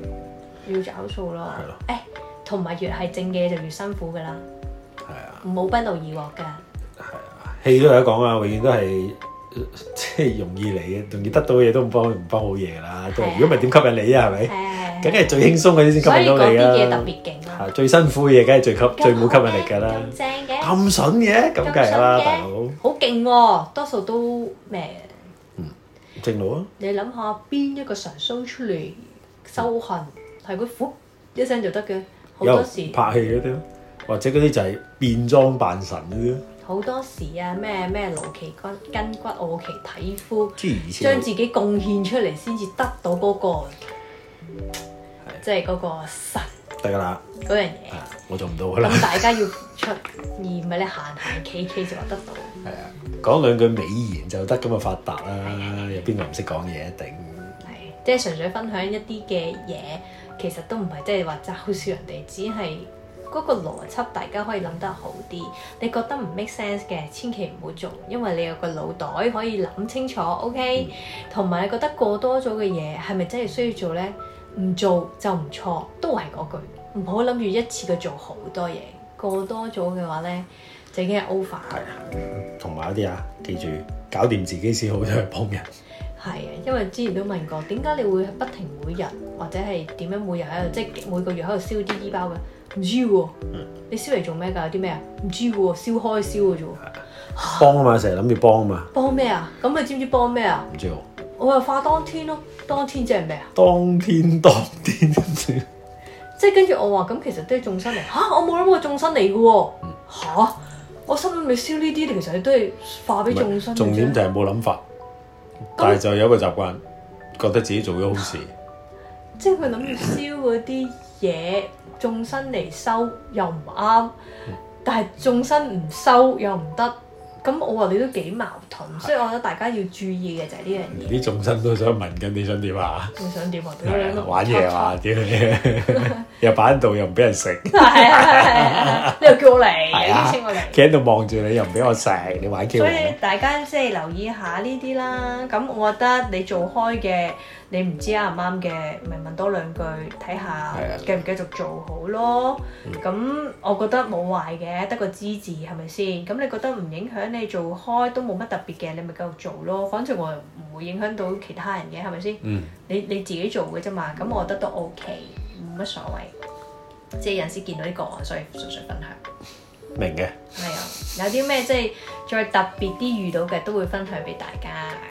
要找數咯。係咯的。誒、哎，同埋越係正嘅嘢就越辛苦㗎啦。係啊的。唔冇不勞而獲㗎。係啊，戲都有得講啊，永遠都係。即係容易嚟嘅，容易得到嘅嘢都唔幫唔幫好嘢啦。即係如果唔係點吸引你啊？係咪？梗係最輕鬆嗰啲先吸引到你啦。所以嗰啲嘢特別勁。嚇，最辛苦嘅嘢梗係最吸最冇吸引力㗎啦。咁筍嘅，咁梗係啦，大佬。好勁喎，多數都咩？嗯，正路啊。你諗下邊一個神騷出嚟修行，係會呼一聲就得嘅。好多時拍戲嗰啲，或者嗰啲就係變裝扮神嗰啲。好多時啊，咩咩勞其筋筋骨，餓其體膚， 將自己貢獻出嚟先至得到嗰、嗰個，的即係嗰個神。得㗎啦，嗰樣嘢、啊，我做唔到㗎啦。咁大家要付出，而唔係你行行企企就話得到。係啊，講兩句美言就得咁啊發達啦！有邊度唔識講嘢頂？係即係純粹分享一啲嘅嘢，其實都唔係即係話嘲笑人哋，只係。嗰個邏輯大家可以諗得好啲。你覺得唔 make sense 嘅，千祈唔好做，因為你有個腦袋可以諗清楚。OK，同埋、嗯、你覺得過多咗嘅嘢係咪真係需要做呢？唔做就唔錯，都係嗰句。唔好諗住一次過做好多嘢，過多咗嘅話呢就已經係 over。同埋嗰啲啊，記住搞掂自己先好再幫人。係啊，因為之前都問過，點解你會不停每日或者係點樣每日喺度即每個月喺度燒啲衣包嘅？唔知喎，你燒嚟做咩㗎？有啲咩啊？唔知喎，燒開燒嘅啫喎。幫啊嘛，成日諗住幫啊嘛。幫咩啊？咁你知唔知幫咩啊？唔知喎。我話化當天咯，當天即係咩啊？當天當天，即係跟住我話，咁其實都係眾生嚟嚇。我冇諗過眾生嚟嘅喎。我心諗你燒呢啲，其實你都係化俾眾生。重點就係冇諗法，但係就有一個習慣，覺得自己做咗好事。即係佢諗住燒嗰啲嘢。眾生嚟收又唔啱，但係眾生唔收又唔得，咁我話你都幾矛盾，所以我覺得大家要注意嘅就係呢樣嘢。啲眾生都想問緊，你想點啊？你想點啊？玩嘢啊？啲嘢又擺喺度又唔俾人食，係啊係啊，呢個叫我嚟，企喺度望住你又唔俾我食，你玩機。所以大家即係留意下呢啲啦。咁我覺得你做開嘅，你唔知啱唔啱嘅，咪、啊、問多兩句睇下繼唔繼續做好咯。咁、嗯、我覺得冇壞嘅，得個知字係咪先？咁你覺得唔影響你做開都冇乜特別嘅，你咪繼續做咯。反正我唔會影響到其他人嘅，係咪先？嗯、你你自己做嘅啫嘛，咁我覺得都 OK，冇乜所謂。嗯、即係有時見到呢、呢個案，所以純粹分享。明嘅，係啊，有啲咩即係再特別啲遇到嘅，都會分享俾大家。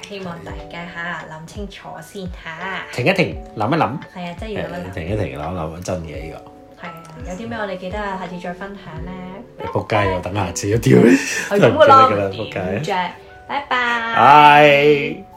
希望大家吓諗清楚先吓。停一停，諗一諗。係啊，即係要停一停，諗一諗真嘢。呢個。係啊，有啲咩我哋記得啊，下次再分享咧。你仆街，我等下次啊屌，又講過咯。仆街，唔該，拜拜。